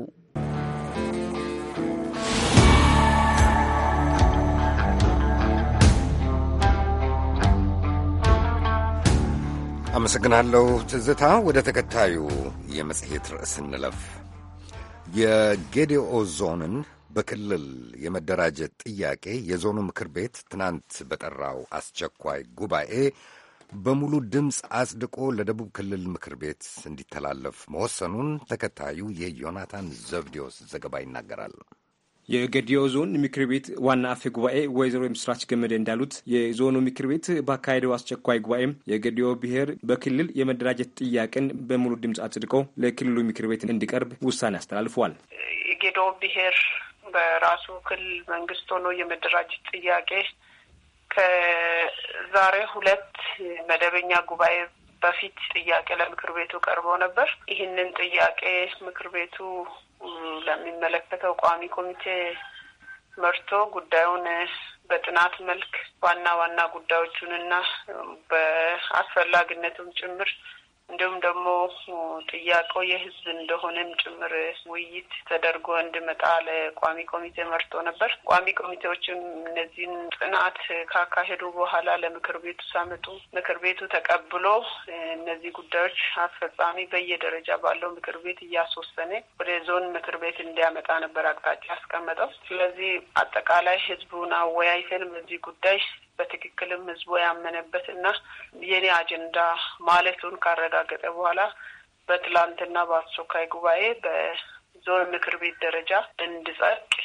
አመሰግናለሁ ትዝታ። ወደ ተከታዩ የመጽሔት ርዕስ እንለፍ። የጌዲኦ ዞንን በክልል የመደራጀት ጥያቄ የዞኑ ምክር ቤት ትናንት በጠራው አስቸኳይ ጉባኤ በሙሉ ድምፅ አጽድቆ ለደቡብ ክልል ምክር ቤት እንዲተላለፍ መወሰኑን ተከታዩ የዮናታን ዘብዴዎስ ዘገባ ይናገራል። የገዲዮ ዞን ምክር ቤት ዋና አፈ ጉባኤ ወይዘሮ የምስራች ገመደ እንዳሉት የዞኑ ምክር ቤት በአካሄደው አስቸኳይ ጉባኤም የገዲዮ ብሔር በክልል የመደራጀት ጥያቄን በሙሉ ድምፅ አጽድቆ ለክልሉ ምክር ቤት እንዲቀርብ ውሳኔ አስተላልፏል። የገዲዮ ብሔር በራሱ ክልል መንግስት ሆኖ የመደራጀት ጥያቄ ከዛሬ ሁለት መደበኛ ጉባኤ በፊት ጥያቄ ለምክር ቤቱ ቀርቦ ነበር። ይህንን ጥያቄ ምክር ቤቱ ለሚመለከተው ቋሚ ኮሚቴ መርቶ ጉዳዩን በጥናት መልክ ዋና ዋና ጉዳዮቹንና በአስፈላጊነቱም ጭምር እንዲሁም ደግሞ ጥያቄው የህዝብ እንደሆነም ጭምር ውይይት ተደርጎ እንድመጣ ለቋሚ ኮሚቴ መርቶ ነበር። ቋሚ ኮሚቴዎችም እነዚህን ጥናት ካካሄዱ በኋላ ለምክር ቤቱ ሳመጡ ምክር ቤቱ ተቀብሎ እነዚህ ጉዳዮች አስፈጻሚ በየደረጃ ባለው ምክር ቤት እያስወሰነ ወደ ዞን ምክር ቤት እንዲያመጣ ነበር አቅጣጫ ያስቀመጠው። ስለዚህ አጠቃላይ ህዝቡን አወያይተን በዚህ ጉዳይ በትክክልም ህዝቡ ያመነበት እና የኔ አጀንዳ ማለቱን ካረጋገጠ በኋላ በትላንትና በአስቸኳይ ጉባኤ በዞን ምክር ቤት ደረጃ እንድጸድቅ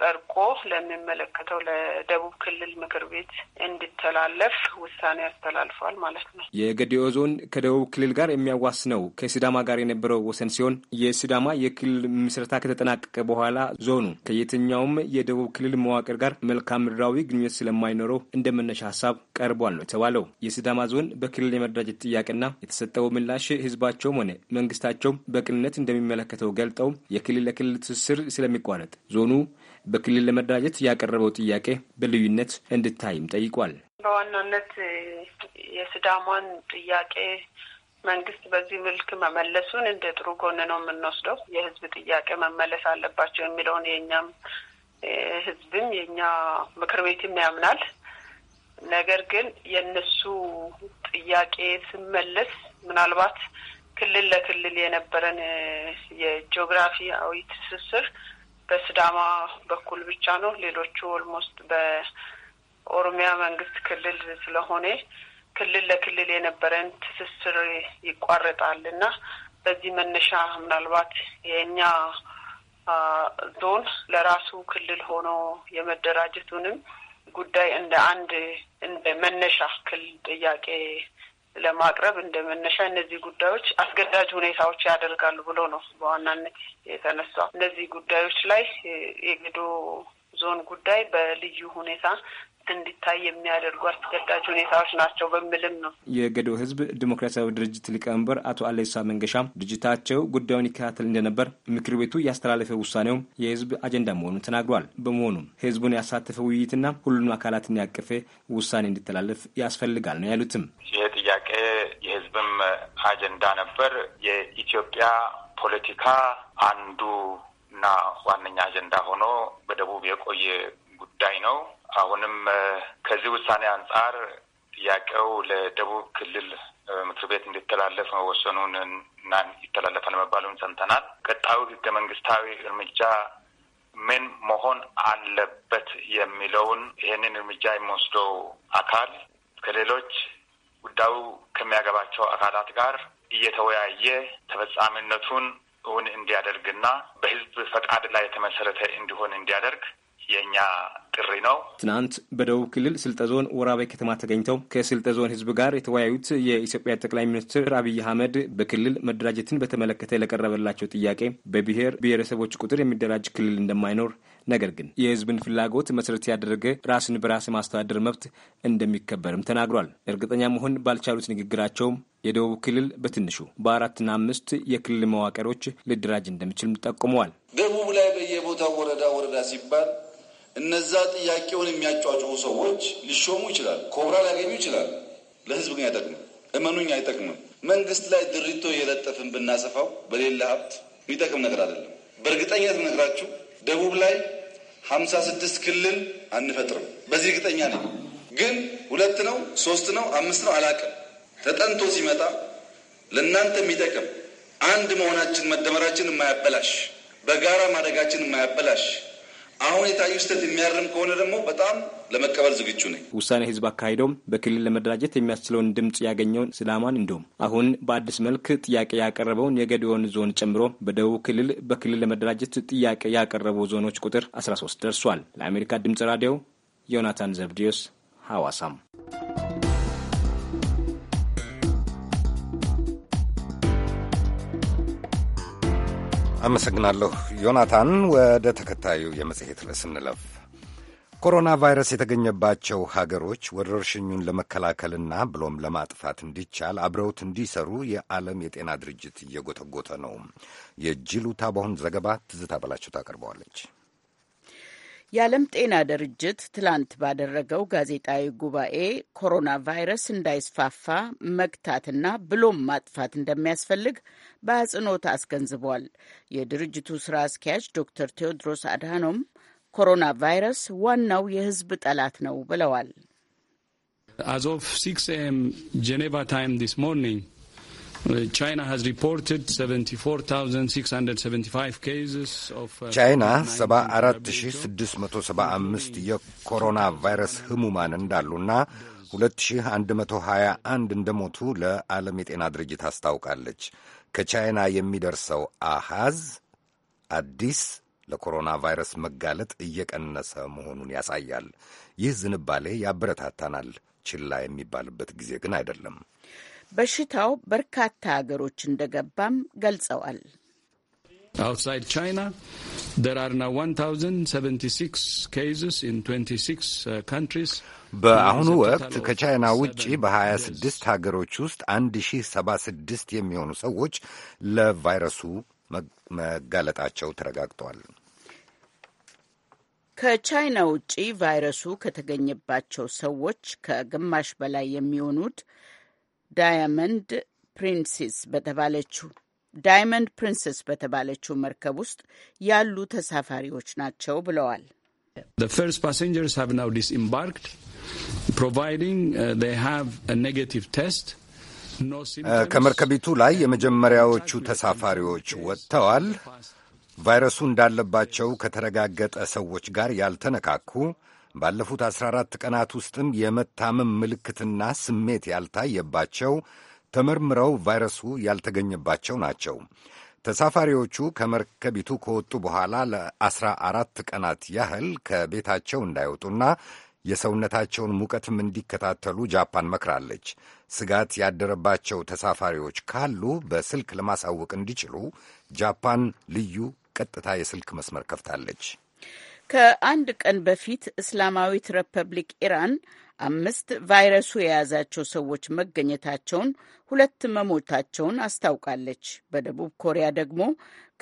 ጸድቆ ለሚመለከተው ለደቡብ ክልል ምክር ቤት እንዲተላለፍ ውሳኔ ያስተላልፏል ማለት ነው። የገዲኦ ዞን ከደቡብ ክልል ጋር የሚያዋስ ነው ከሲዳማ ጋር የነበረው ወሰን ሲሆን የሲዳማ የክልል ምስረታ ከተጠናቀቀ በኋላ ዞኑ ከየትኛውም የደቡብ ክልል መዋቅር ጋር መልካም ምድራዊ ግንኙነት ስለማይኖረው እንደ መነሻ ሀሳብ ቀርቧል ነው የተባለው። የሲዳማ ዞን በክልል የመደራጀት ጥያቄና የተሰጠው ምላሽ ህዝባቸውም ሆነ መንግስታቸውም በቅንነት እንደሚመለከተው ገልጠው የክልል ለክልል ትስስር ስለሚቋረጥ ዞኑ በክልል ለመደራጀት ያቀረበው ጥያቄ በልዩነት እንድታይም ጠይቋል። በዋናነት የስዳሟን ጥያቄ መንግስት በዚህ መልክ መመለሱን እንደ ጥሩ ጎን ነው የምንወስደው። የህዝብ ጥያቄ መመለስ አለባቸው የሚለውን የእኛም ህዝብም የእኛ ምክር ቤትም ያምናል። ነገር ግን የእነሱ ጥያቄ ስመለስ ምናልባት ክልል ለክልል የነበረን የጂኦግራፊያዊ ትስስር በስዳማ በኩል ብቻ ነው። ሌሎቹ ኦልሞስት በኦሮሚያ መንግስት ክልል ስለሆነ ክልል ለክልል የነበረን ትስስር ይቋረጣል እና በዚህ መነሻ ምናልባት የእኛ ዞን ለራሱ ክልል ሆኖ የመደራጀቱንም ጉዳይ እንደ አንድ እንደ መነሻ ክልል ጥያቄ ለማቅረብ እንደ መነሻ እነዚህ ጉዳዮች አስገዳጅ ሁኔታዎች ያደርጋሉ ብሎ ነው በዋናነት የተነሳው። እነዚህ ጉዳዮች ላይ የግዶ ዞን ጉዳይ በልዩ ሁኔታ እንዲታይ የሚያደርጉ አስገዳጅ ሁኔታዎች ናቸው በሚልም ነው። የገዶ ሕዝብ ዲሞክራሲያዊ ድርጅት ሊቀመንበር አቶ አሌሳ መንገሻ ድርጅታቸው ጉዳዩን ይከታተል እንደነበር ምክር ቤቱ ያስተላለፈ ውሳኔውም የሕዝብ አጀንዳ መሆኑን ተናግሯል። በመሆኑም ሕዝቡን ያሳተፈ ውይይትና ሁሉንም አካላትን ያቀፈ ውሳኔ እንዲተላለፍ ያስፈልጋል ነው ያሉትም። የህዝብም አጀንዳ ነበር። የኢትዮጵያ ፖለቲካ አንዱ እና ዋነኛ አጀንዳ ሆኖ በደቡብ የቆየ ጉዳይ ነው። አሁንም ከዚህ ውሳኔ አንጻር ጥያቄው ለደቡብ ክልል ምክር ቤት እንዲተላለፍ መወሰኑን እና ይተላለፋል መባሉን ሰምተናል። ቀጣዩ ህገ መንግስታዊ እርምጃ ምን መሆን አለበት የሚለውን ይህንን እርምጃ የሚወስደው አካል ከሌሎች ጉዳዩ ከሚያገባቸው አካላት ጋር እየተወያየ ተፈጻሚነቱን እውን እንዲያደርግና በህዝብ ፈቃድ ላይ የተመሰረተ እንዲሆን እንዲያደርግ የእኛ ጥሪ ነው። ትናንት በደቡብ ክልል ስልጠ ዞን ወራቤ ከተማ ተገኝተው ከስልጠ ዞን ህዝብ ጋር የተወያዩት የኢትዮጵያ ጠቅላይ ሚኒስትር አብይ አህመድ በክልል መደራጀትን በተመለከተ ለቀረበላቸው ጥያቄ በብሔር ብሔረሰቦች ቁጥር የሚደራጅ ክልል እንደማይኖር ነገር ግን የህዝብን ፍላጎት መሰረት ያደረገ ራስን በራስ ማስተዳደር መብት እንደሚከበርም ተናግሯል። እርግጠኛ መሆን ባልቻሉት ንግግራቸውም የደቡብ ክልል በትንሹ በአራትና አምስት የክልል መዋቅሮች ሊደራጅ እንደሚችልም ጠቁመዋል። ደቡብ ላይ በየቦታው ወረዳ ወረዳ ሲባል እነዛ ጥያቄውን የሚያጫጭሩ ሰዎች ሊሾሙ ይችላል፣ ኮብራ ሊያገኙ ይችላል። ለህዝብ ግን አይጠቅምም። እመኑኝ አይጠቅምም። መንግስት ላይ ድሪቶ የለጠፍን ብናሰፋው በሌለ ሀብት የሚጠቅም ነገር አይደለም። በእርግጠኛ ነግራችሁ ደቡብ ላይ ሀምሳ ስድስት ክልል አንፈጥርም። በዚህ እርግጠኛ ነኝ። ግን ሁለት ነው ሶስት ነው አምስት ነው አላቅም። ተጠንቶ ሲመጣ ለእናንተ የሚጠቅም አንድ መሆናችን መደመራችን የማያበላሽ በጋራ ማደጋችን የማያበላሽ አሁን የታዩ ስህተት የሚያርም ከሆነ ደግሞ በጣም ለመቀበል ዝግጁ ነኝ። ውሳኔ ህዝብ አካሂደውም በክልል ለመደራጀት የሚያስችለውን ድምፅ ያገኘውን ስላማን እንዲሁም አሁን በአዲስ መልክ ጥያቄ ያቀረበውን የገዲዮን ዞን ጨምሮ በደቡብ ክልል በክልል ለመደራጀት ጥያቄ ያቀረቡ ዞኖች ቁጥር 13 ደርሷል። ለአሜሪካ ድምፅ ራዲዮ ዮናታን ዘብዲዮስ ሐዋሳም አመሰግናለሁ ዮናታን። ወደ ተከታዩ የመጽሔት ርዕስ እንለፍ። ኮሮና ቫይረስ የተገኘባቸው ሀገሮች ወረርሽኙን ለመከላከልና ብሎም ለማጥፋት እንዲቻል አብረውት እንዲሰሩ የዓለም የጤና ድርጅት እየጎተጎተ ነው። የጅሉታ ታቦን ዘገባ ትዝታ በላቸው ታቀርበዋለች። የዓለም ጤና ድርጅት ትላንት ባደረገው ጋዜጣዊ ጉባኤ ኮሮና ቫይረስ እንዳይስፋፋ መግታትና ብሎም ማጥፋት እንደሚያስፈልግ በአጽንኦት አስገንዝቧል። የድርጅቱ ስራ አስኪያጅ ዶክተር ቴዎድሮስ አድሃኖም ኮሮና ቫይረስ ዋናው የህዝብ ጠላት ነው ብለዋል። as of 6 am geneva time this morning ቻይና ሰባ አራት ሺህ ስድስት መቶ ሰባ አምስት የኮሮና ቫይረስ ህሙማን እንዳሉና 2121 እንደሞቱ ለዓለም የጤና ድርጅት አስታውቃለች። ከቻይና የሚደርሰው አሃዝ አዲስ ለኮሮና ቫይረስ መጋለጥ እየቀነሰ መሆኑን ያሳያል። ይህ ዝንባሌ ያበረታታናል። ችላ የሚባልበት ጊዜ ግን አይደለም። በሽታው በርካታ ሀገሮች እንደገባም ገልጸዋል። outside China. There are now 1,076 cases in 26 uh, countries. በአሁኑ ወቅት ከቻይና ውጪ በ26 ሀገሮች ውስጥ 1076 የሚሆኑ ሰዎች ለቫይረሱ መጋለጣቸው ተረጋግጧል። ከቻይና ውጪ ቫይረሱ ከተገኘባቸው ሰዎች ከግማሽ በላይ የሚሆኑት ዳያመንድ ፕሪንሴስ በተባለችው ዳይመንድ ፕሪንሰስ በተባለችው መርከብ ውስጥ ያሉ ተሳፋሪዎች ናቸው ብለዋል። uh, uh, ከመርከቢቱ ላይ የመጀመሪያዎቹ ተሳፋሪዎች ወጥተዋል። ቫይረሱ እንዳለባቸው ከተረጋገጠ ሰዎች ጋር ያልተነካኩ ባለፉት 14 ቀናት ውስጥም የመታመም ምልክትና ስሜት ያልታየባቸው ተመርምረው ቫይረሱ ያልተገኘባቸው ናቸው። ተሳፋሪዎቹ ከመርከቢቱ ከወጡ በኋላ ለአስራ አራት ቀናት ያህል ከቤታቸው እንዳይወጡና የሰውነታቸውን ሙቀትም እንዲከታተሉ ጃፓን መክራለች። ስጋት ያደረባቸው ተሳፋሪዎች ካሉ በስልክ ለማሳወቅ እንዲችሉ ጃፓን ልዩ ቀጥታ የስልክ መስመር ከፍታለች። ከአንድ ቀን በፊት እስላማዊት ሪፐብሊክ ኢራን አምስት ቫይረሱ የያዛቸው ሰዎች መገኘታቸውን፣ ሁለት መሞታቸውን አስታውቃለች። በደቡብ ኮሪያ ደግሞ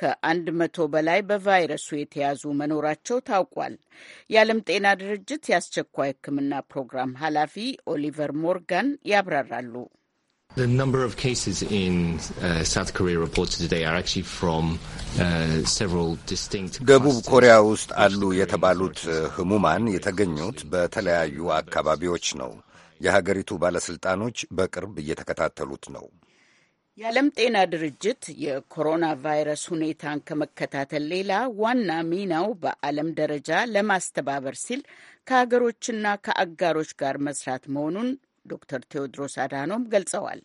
ከአንድ መቶ በላይ በቫይረሱ የተያዙ መኖራቸው ታውቋል። የዓለም ጤና ድርጅት የአስቸኳይ ሕክምና ፕሮግራም ኃላፊ ኦሊቨር ሞርጋን ያብራራሉ። The number of cases in uh, South Korea reported today are actually from uh, several distinct ደቡብ ኮሪያ ውስጥ አሉ የተባሉት uh, ህሙማን የተገኙት በተለያዩ አካባቢዎች ነው። የሀገሪቱ ባለስልጣኖች በቅርብ እየተከታተሉት ነው። የዓለም ጤና ድርጅት የኮሮና ቫይረስ ሁኔታን ከመከታተል ሌላ ዋና ሚናው በዓለም ደረጃ ለማስተባበር ሲል ከሀገሮችና ከአጋሮች ጋር መስራት መሆኑን ዶክተር ቴዎድሮስ አድሃኖም ገልጸዋል።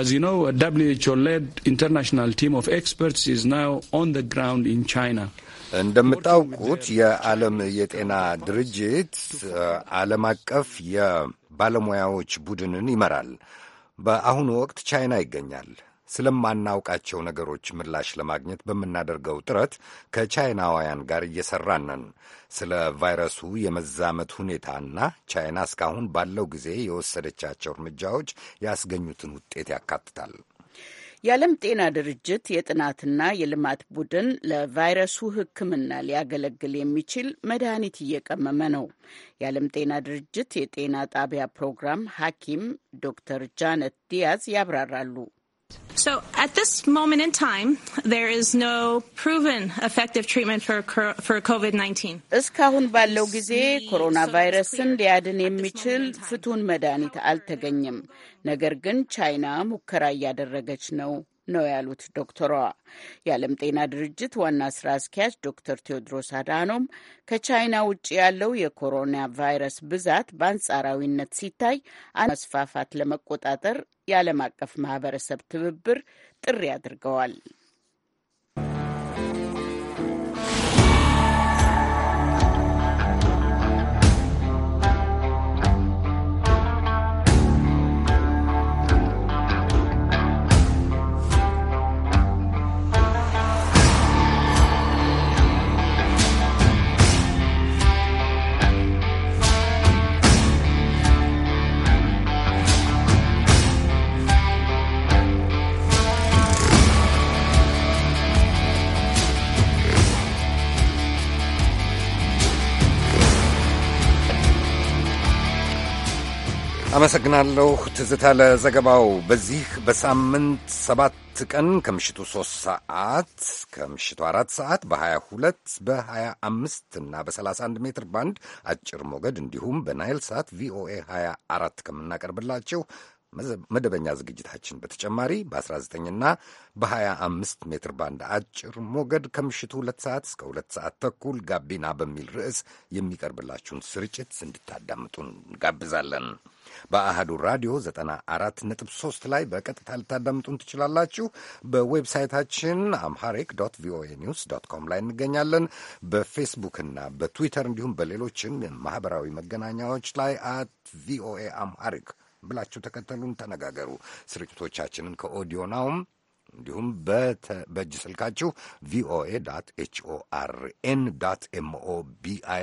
As you know, a WHO-led international team of experts is now on the ground in China. እንደምታውቁት የዓለም የጤና ድርጅት ዓለም አቀፍ የባለሙያዎች ቡድንን ይመራል። በአሁኑ ወቅት ቻይና ይገኛል። ስለማናውቃቸው ነገሮች ምላሽ ለማግኘት በምናደርገው ጥረት ከቻይናውያን ጋር እየሰራን ስለ ቫይረሱ የመዛመት ሁኔታና ቻይና እስካሁን ባለው ጊዜ የወሰደቻቸው እርምጃዎች ያስገኙትን ውጤት ያካትታል። የዓለም ጤና ድርጅት የጥናትና የልማት ቡድን ለቫይረሱ ሕክምና ሊያገለግል የሚችል መድኃኒት እየቀመመ ነው። የዓለም ጤና ድርጅት የጤና ጣቢያ ፕሮግራም ሐኪም ዶክተር ጃነት ዲያዝ ያብራራሉ። So at this moment in time, there is no proven effective treatment for for COVID-19. እስካሁን ባለው ጊዜ ኮሮና ቫይረስን ሊያድን የሚችል ፍቱን መድኃኒት አልተገኘም። ነገር ግን ቻይና ሙከራ እያደረገች ነው። ነው ያሉት ዶክተሯ። የዓለም ጤና ድርጅት ዋና ስራ አስኪያጅ ዶክተር ቴዎድሮስ አድሃኖም ከቻይና ውጭ ያለው የኮሮና ቫይረስ ብዛት በአንጻራዊነት ሲታይ መስፋፋት ለመቆጣጠር የዓለም አቀፍ ማህበረሰብ ትብብር ጥሪ አድርገዋል። አመሰግናለሁ ትዝታ ለዘገባው። በዚህ በሳምንት ሰባት ቀን ከምሽቱ ሶስት ሰዓት ከምሽቱ አራት ሰዓት በ22 በ25 እና በ31 ሜትር ባንድ አጭር ሞገድ እንዲሁም በናይል ሳት ቪኦኤ 24 ከምናቀርብላቸው መደበኛ ዝግጅታችን በተጨማሪ በ19ና በ25 ሜትር ባንድ አጭር ሞገድ ከምሽቱ ሁለት ሰዓት እስከ ሁለት ሰዓት ተኩል ጋቢና በሚል ርዕስ የሚቀርብላችሁን ስርጭት እንድታዳምጡ እንጋብዛለን። በአህዱ ራዲዮ 94.3 ላይ በቀጥታ ልታዳምጡን ትችላላችሁ። በዌብሳይታችን አምሃሪክ ዶት ቪኦኤ ኒውስ ዶት ኮም ላይ እንገኛለን። በፌስቡክና በትዊተር እንዲሁም በሌሎችም ማህበራዊ መገናኛዎች ላይ አት ቪኦኤ አምሃሪክ ብላችሁ ተከተሉን፣ ተነጋገሩ። ስርጭቶቻችንን ከኦዲዮ ናውም እንዲሁም በእጅ ስልካችሁ ቪኦኤ ዳት ኤችኦአርኤን ዳት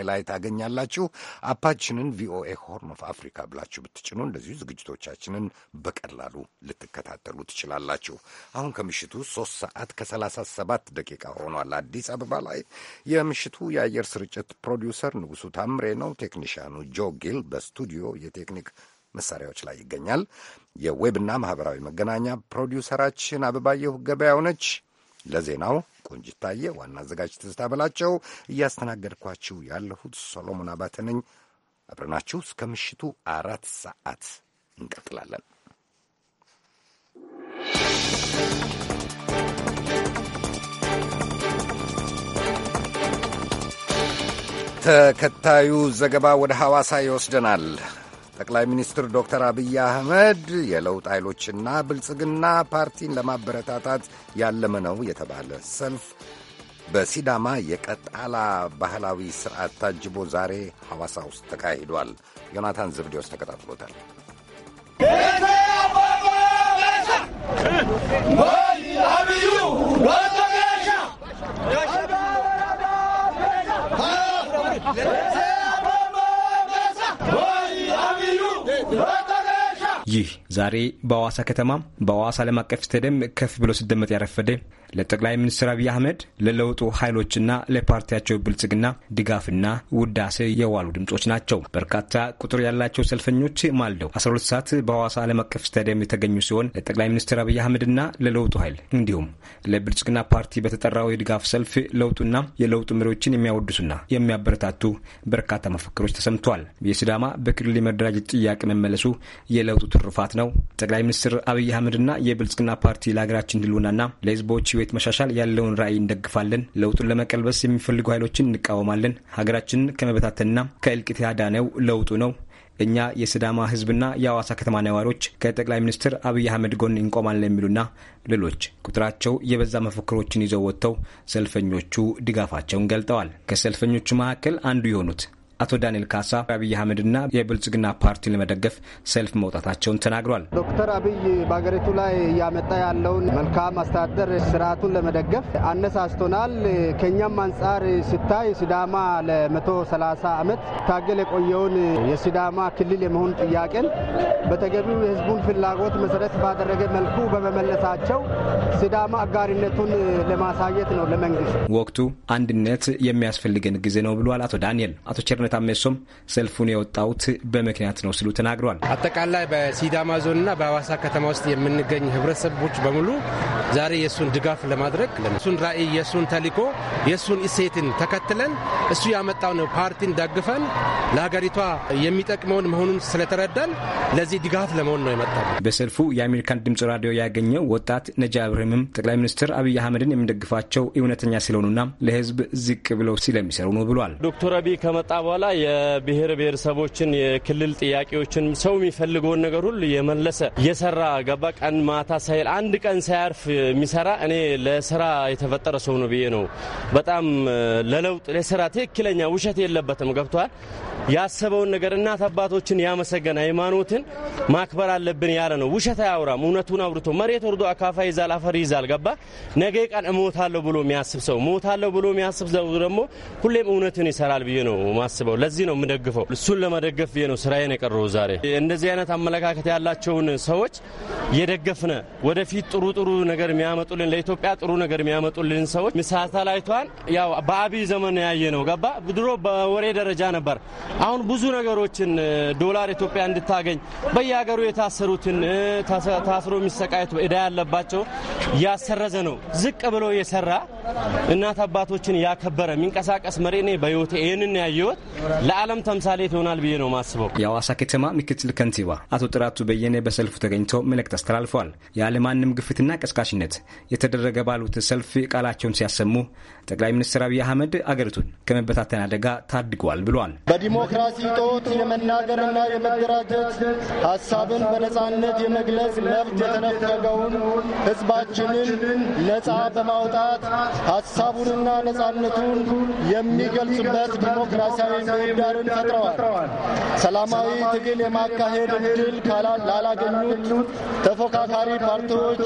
ላይ ታገኛላችሁ። አፓችንን ቪኦኤ ሆርን ኦፍ አፍሪካ ብላችሁ ብትጭኑ እንደዚሁ ዝግጅቶቻችንን በቀላሉ ልትከታተሉ ትችላላችሁ። አሁን ከምሽቱ ሶስት ሰዓት ከሰላሳ ሰባት ደቂቃ ሆኗል አዲስ አበባ ላይ። የምሽቱ የአየር ስርጭት ፕሮዲውሰር ንጉሱ ታምሬ ነው። ቴክኒሽያኑ ጆ ጊል በስቱዲዮ የቴክኒክ መሳሪያዎች ላይ ይገኛል። የዌብና ማህበራዊ መገናኛ ፕሮዲውሰራችን አበባየሁ ገበያው ነች። ለዜናው ቆንጅታየ፣ ዋና አዘጋጅ ትዝታ በላቸው፣ እያስተናገድኳችሁ ያለሁት ሶሎሞን አባተ ነኝ። አብረናችሁ እስከ ምሽቱ አራት ሰዓት እንቀጥላለን። ተከታዩ ዘገባ ወደ ሐዋሳ ይወስደናል። ጠቅላይ ሚኒስትር ዶክተር አብይ አህመድ የለውጥ ኃይሎችና ብልጽግና ፓርቲን ለማበረታታት ያለመ ነው የተባለ ሰልፍ በሲዳማ የቀጣላ ባህላዊ ስርዓት ታጅቦ ዛሬ ሐዋሳ ውስጥ ተካሂዷል። ዮናታን ዘብዴዎስ ተከታትሎታል። አብዩ ይህ ዛሬ በአዋሳ ከተማ በአዋሳ ዓለም አቀፍ ስታዲየም ከፍ ብሎ ሲደመጥ ያረፈደ ለጠቅላይ ሚኒስትር አብይ አህመድ ለለውጡ ኃይሎችና ለፓርቲያቸው ብልጽግና ድጋፍና ውዳሴ የዋሉ ድምጾች ናቸው። በርካታ ቁጥር ያላቸው ሰልፈኞች ማልደው 12 ሰዓት በሐዋሳ ዓለም አቀፍ ስታዲየም የተገኙ ሲሆን ለጠቅላይ ሚኒስትር አብይ አህመድና ለለውጡ ኃይል እንዲሁም ለብልጽግና ፓርቲ በተጠራው የድጋፍ ሰልፍ ለውጡና የለውጡ መሪዎችን የሚያወድሱና የሚያበረታቱ በርካታ መፈክሮች ተሰምተዋል። የሲዳማ በክልል የመደራጀት ጥያቄ መመለሱ የለውጡ ትሩፋት ነው። ጠቅላይ ሚኒስትር አብይ አህመድና የብልጽግና ፓርቲ ለሀገራችን ህልውናና ለህዝቦች ቤት መሻሻል ያለውን ራዕይ እንደግፋለን። ለውጡን ለመቀልበስ የሚፈልጉ ኃይሎችን እንቃወማለን። ሀገራችንን ከመበታተንና ከእልቂት ያዳነው ለውጡ ነው። እኛ የስዳማ ህዝብና የአዋሳ ከተማ ነዋሪዎች ከጠቅላይ ሚኒስትር አብይ አህመድ ጎን እንቆማለን የሚሉና ሌሎች ቁጥራቸው የበዛ መፈክሮችን ይዘው ወጥተው ሰልፈኞቹ ድጋፋቸውን ገልጠዋል። ከሰልፈኞቹ መካከል አንዱ የሆኑት አቶ ዳንኤል ካሳ አብይ አህመድና የብልጽግና ፓርቲ ለመደገፍ ሰልፍ መውጣታቸውን ተናግሯል። ዶክተር አብይ በሀገሪቱ ላይ እያመጣ ያለውን መልካም አስተዳደር ስርዓቱን ለመደገፍ አነሳስቶናል። ከእኛም አንጻር ሲታይ ሲዳማ ለመቶ ሰላሳ ዓመት ታገል የቆየውን የሲዳማ ክልል የመሆን ጥያቄን በተገቢው የህዝቡን ፍላጎት መሰረት ባደረገ መልኩ በመመለሳቸው ሲዳማ አጋሪነቱን ለማሳየት ነው ለመንግስት። ወቅቱ አንድነት የሚያስፈልገን ጊዜ ነው ብሏል አቶ ዳንኤል። አቶ ቸርነት አመሶም ሰልፉን የወጣሁት በምክንያት ነው ሲሉ ተናግረዋል። አጠቃላይ በሲዳማ ዞንና በአዋሳ ከተማ ውስጥ የምንገኝ ህብረተሰቦች በሙሉ ዛሬ የእሱን ድጋፍ ለማድረግ የሱን ራዕይ፣ የእሱን ተልዕኮ፣ የእሱን እሴትን ተከትለን እሱ ያመጣውን ፓርቲን ደግፈን ለሀገሪቷ የሚጠቅመውን መሆኑን ስለተረዳን ለዚህ ድጋፍ ለመሆን ነው የመጣ። በሰልፉ የአሜሪካን ድምጽ ራዲዮ ያገኘው ወጣት ነጃ ብርህምም ጠቅላይ ሚኒስትር አብይ አህመድን የሚደግፋቸው እውነተኛ ስለሆኑና ለህዝብ ዝቅ ብለው ስለሚሰሩ ነው ብሏል። ዶክተር አብይ ከመጣ በኋላ በኋላ የብሔር ብሔረሰቦችን የክልል ጥያቄዎችን ሰው የሚፈልገውን ነገር ሁሉ የመለሰ እየሰራ ገባ ቀን ማታ ሳይል አንድ ቀን ሳያርፍ የሚሰራ እኔ ለስራ የተፈጠረ ሰው ነው ብዬ ነው። በጣም ለለውጥ ለስራ ትክክለኛ ውሸት የለበትም። ገብቷል። ያሰበውን ነገር እናት አባቶችን ያመሰገን ሃይማኖትን ማክበር አለብን ያለ ነው። ውሸት አያውራም። እውነቱን አውርቶ መሬት ወርዶ አካፋ ይዛል፣ አፈር ይዛል። ገባ ነገ ቀን እሞታለሁ ብሎ የሚያስብ ሰው ሞታለሁ ብሎ የሚያስብ ሰው ደግሞ ሁሌም እውነትን ይሰራል ብዬ ነው ማስበው። የምፈልገው። ለዚህ ነው የምደግፈው። እሱን ለመደገፍ ነው ስራዬን የቀረው ዛሬ። እንደዚህ አይነት አመለካከት ያላቸውን ሰዎች የደገፍነ ወደፊት ጥሩ ጥሩ ነገር የሚያመጡልን ለኢትዮጵያ ጥሩ ነገር የሚያመጡልን ሰዎች ሳተላይቷን ያው በአብይ ዘመን ያየ ነው ገባ። ድሮ በወሬ ደረጃ ነበር። አሁን ብዙ ነገሮችን ዶላር ኢትዮጵያ እንድታገኝ በየሀገሩ የታሰሩትን ታስሮ የሚሰቃዩት እዳ ያለባቸው ያሰረዘ ነው። ዝቅ ብሎ የሰራ እናት አባቶችን ያከበረ የሚንቀሳቀስ መሪ እኔ በህይወቴ ይህንን ያየሁት ለዓለም ተምሳሌት ይሆናል ብዬ ነው ማስበው። የአዋሳ ከተማ ምክትል ከንቲባ አቶ ጥራቱ በየነ በሰልፉ ተገኝተው መልእክት አስተላልፈዋል። ያለማንም ግፊትና ቀስቃሽነት የተደረገ ባሉት ሰልፍ ቃላቸውን ሲያሰሙ ጠቅላይ ሚኒስትር አብይ አህመድ አገሪቱን ከመበታተን አደጋ ታድገዋል ብሏል። በዲሞክራሲ ጦት የመናገርና የመደራጀት ሀሳብን በነጻነት የመግለጽ መብት የተነፈገውን ህዝባችንን ነጻ በማውጣት ሀሳቡንና ነጻነቱን የሚገልጽበት ዲሞክራሲያዊ ሰላማዊ ምህዳርን ፈጥረዋል። ሰላማዊ ትግል የማካሄድ እድል ላላገኙት ተፎካካሪ ፓርቲዎች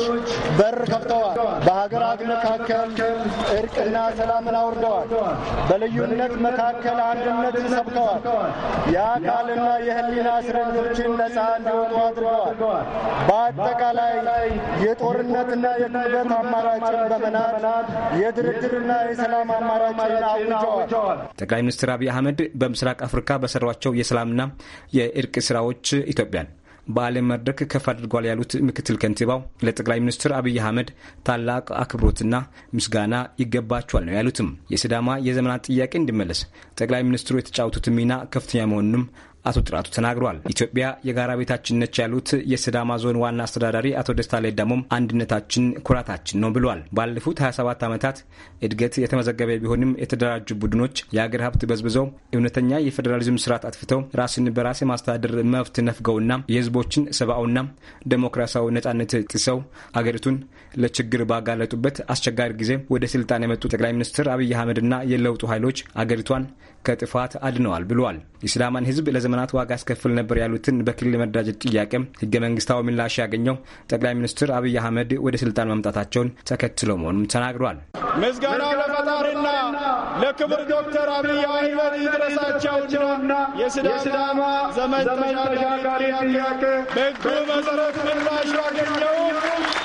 በር ከፍተዋል። በሀገራት መካከል እርቅና ሰላምን አውርደዋል። በልዩነት መካከል አንድነትን ሰብከዋል። የአካልና የህሊና እስረኞችን ነጻ እንዲወጡ አድርገዋል። በአጠቃላይ የጦርነትና የጉልበት አማራጭን በመናት የድርድርና የሰላም አማራጭን አውጀዋል። ጠቅላይ ሚኒስትር አብይ አህመድ በምስራቅ አፍሪካ በሰሯቸው የሰላምና የእርቅ ስራዎች ኢትዮጵያን በዓለም መድረክ ከፍ አድርጓል ያሉት ምክትል ከንቲባው ለጠቅላይ ሚኒስትር አብይ አህመድ ታላቅ አክብሮትና ምስጋና ይገባቸዋል ነው ያሉትም። የሲዳማ የዘመናት ጥያቄ እንዲመለስ ጠቅላይ ሚኒስትሩ የተጫወቱት ሚና ከፍተኛ መሆኑንም አቶ ጥራቱ ተናግሯል። ኢትዮጵያ የጋራ ቤታችን ነች ያሉት የስዳማ ዞን ዋና አስተዳዳሪ አቶ ደስታ ሌዳሞም አንድነታችን ኩራታችን ነው ብሏል። ባለፉት 27 ዓመታት እድገት የተመዘገበ ቢሆንም የተደራጁ ቡድኖች የአገር ሀብት በዝብዘው እውነተኛ የፌዴራሊዝም ስርዓት አጥፍተው ራስን በራስ የማስተዳደር መብት ነፍገውና የህዝቦችን ሰብአውና ዴሞክራሲያዊ ነጻነት ጥሰው አገሪቱን ለችግር ባጋለጡበት አስቸጋሪ ጊዜ ወደ ስልጣን የመጡ ጠቅላይ ሚኒስትር አብይ አህመድና የለውጡ ኃይሎች አገሪቷን ከጥፋት አድነዋል ብሏል። የሲዳማን ህዝብ ለዘመናት ዋጋ አስከፍል ነበር ያሉትን በክልል መደራጀት ጥያቄም ህገ መንግስታዊ ምላሽ ያገኘው ጠቅላይ ሚኒስትር አብይ አህመድ ወደ ስልጣን መምጣታቸውን ተከትሎ መሆኑም ተናግሯል። ምስጋና ለፈጣሪና ለክብር ዶክተር አብይ አህመድ ይድረሳቸውና የሲዳማ ዘመን ተሻጋሪ ጥያቄ በህጉ መሰረት ምላሽ ያገኘው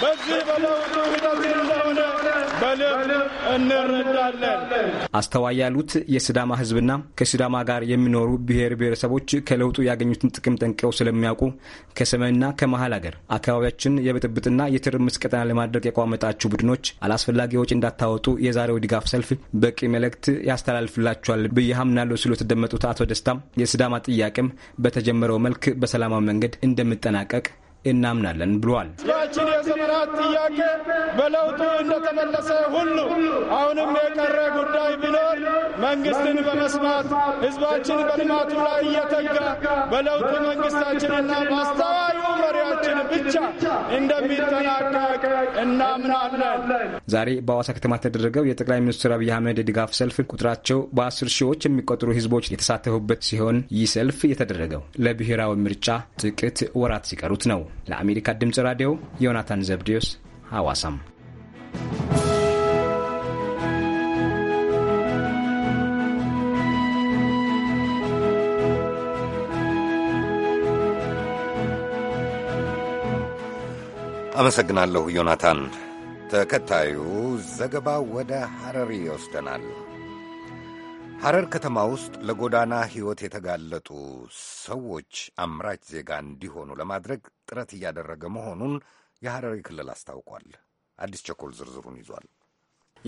በዚህ በለውጡ ሂደት እንደሆነ በልብ እንረዳለን። አስተዋይ ያሉት የሲዳማ ህዝብና ከሲዳማ ጋር የሚኖሩ ብሔር ብሔረሰቦች ከለውጡ ያገኙትን ጥቅም ጠንቅቀው ስለሚያውቁ ከሰሜንና ከመሀል ሀገር አካባቢያችን የብጥብጥና የትርምስ ቀጠና ለማድረግ የቋመጣችሁ ቡድኖች አላስፈላጊ ወጪ እንዳታወጡ የዛሬው ድጋፍ ሰልፍ በቂ መልእክት ያስተላልፍላችኋል ብዬ አምናለሁ ሲሉ የተደመጡት አቶ ደስታም የሲዳማ ጥያቄም በተጀመረው መልክ በሰላማዊ መንገድ እንደሚጠናቀቅ እናምናለን ብሏል። ህዝባችን የዘመናት ጥያቄ በለውጡ እንደተመለሰ ሁሉ አሁንም የቀረ ጉዳይ ቢኖር መንግስትን በመስማት ህዝባችን በልማቱ ላይ እየተጋ በለውጡ መንግስታችንና በአስተዋዩ መሪያችን ብቻ እንደሚጠናቀቅ እናምናለን። ዛሬ በአዋሳ ከተማ ተደረገው የጠቅላይ ሚኒስትር አብይ አህመድ የድጋፍ ሰልፍ ቁጥራቸው በአስር ሺዎች የሚቆጠሩ ህዝቦች የተሳተፉበት ሲሆን ይህ ሰልፍ የተደረገው ለብሔራዊ ምርጫ ጥቂት ወራት ሲቀሩት ነው። ለአሜሪካ ድምፅ ራዲዮ ዮናታን ዘብዲዮስ ሐዋሳም አመሰግናለሁ ዮናታን። ተከታዩ ዘገባ ወደ ሐረሪ ይወስደናል። ሐረር ከተማ ውስጥ ለጎዳና ሕይወት የተጋለጡ ሰዎች አምራች ዜጋ እንዲሆኑ ለማድረግ ጥረት እያደረገ መሆኑን የሐረሪ ክልል አስታውቋል። አዲስ ቸኮል ዝርዝሩን ይዟል።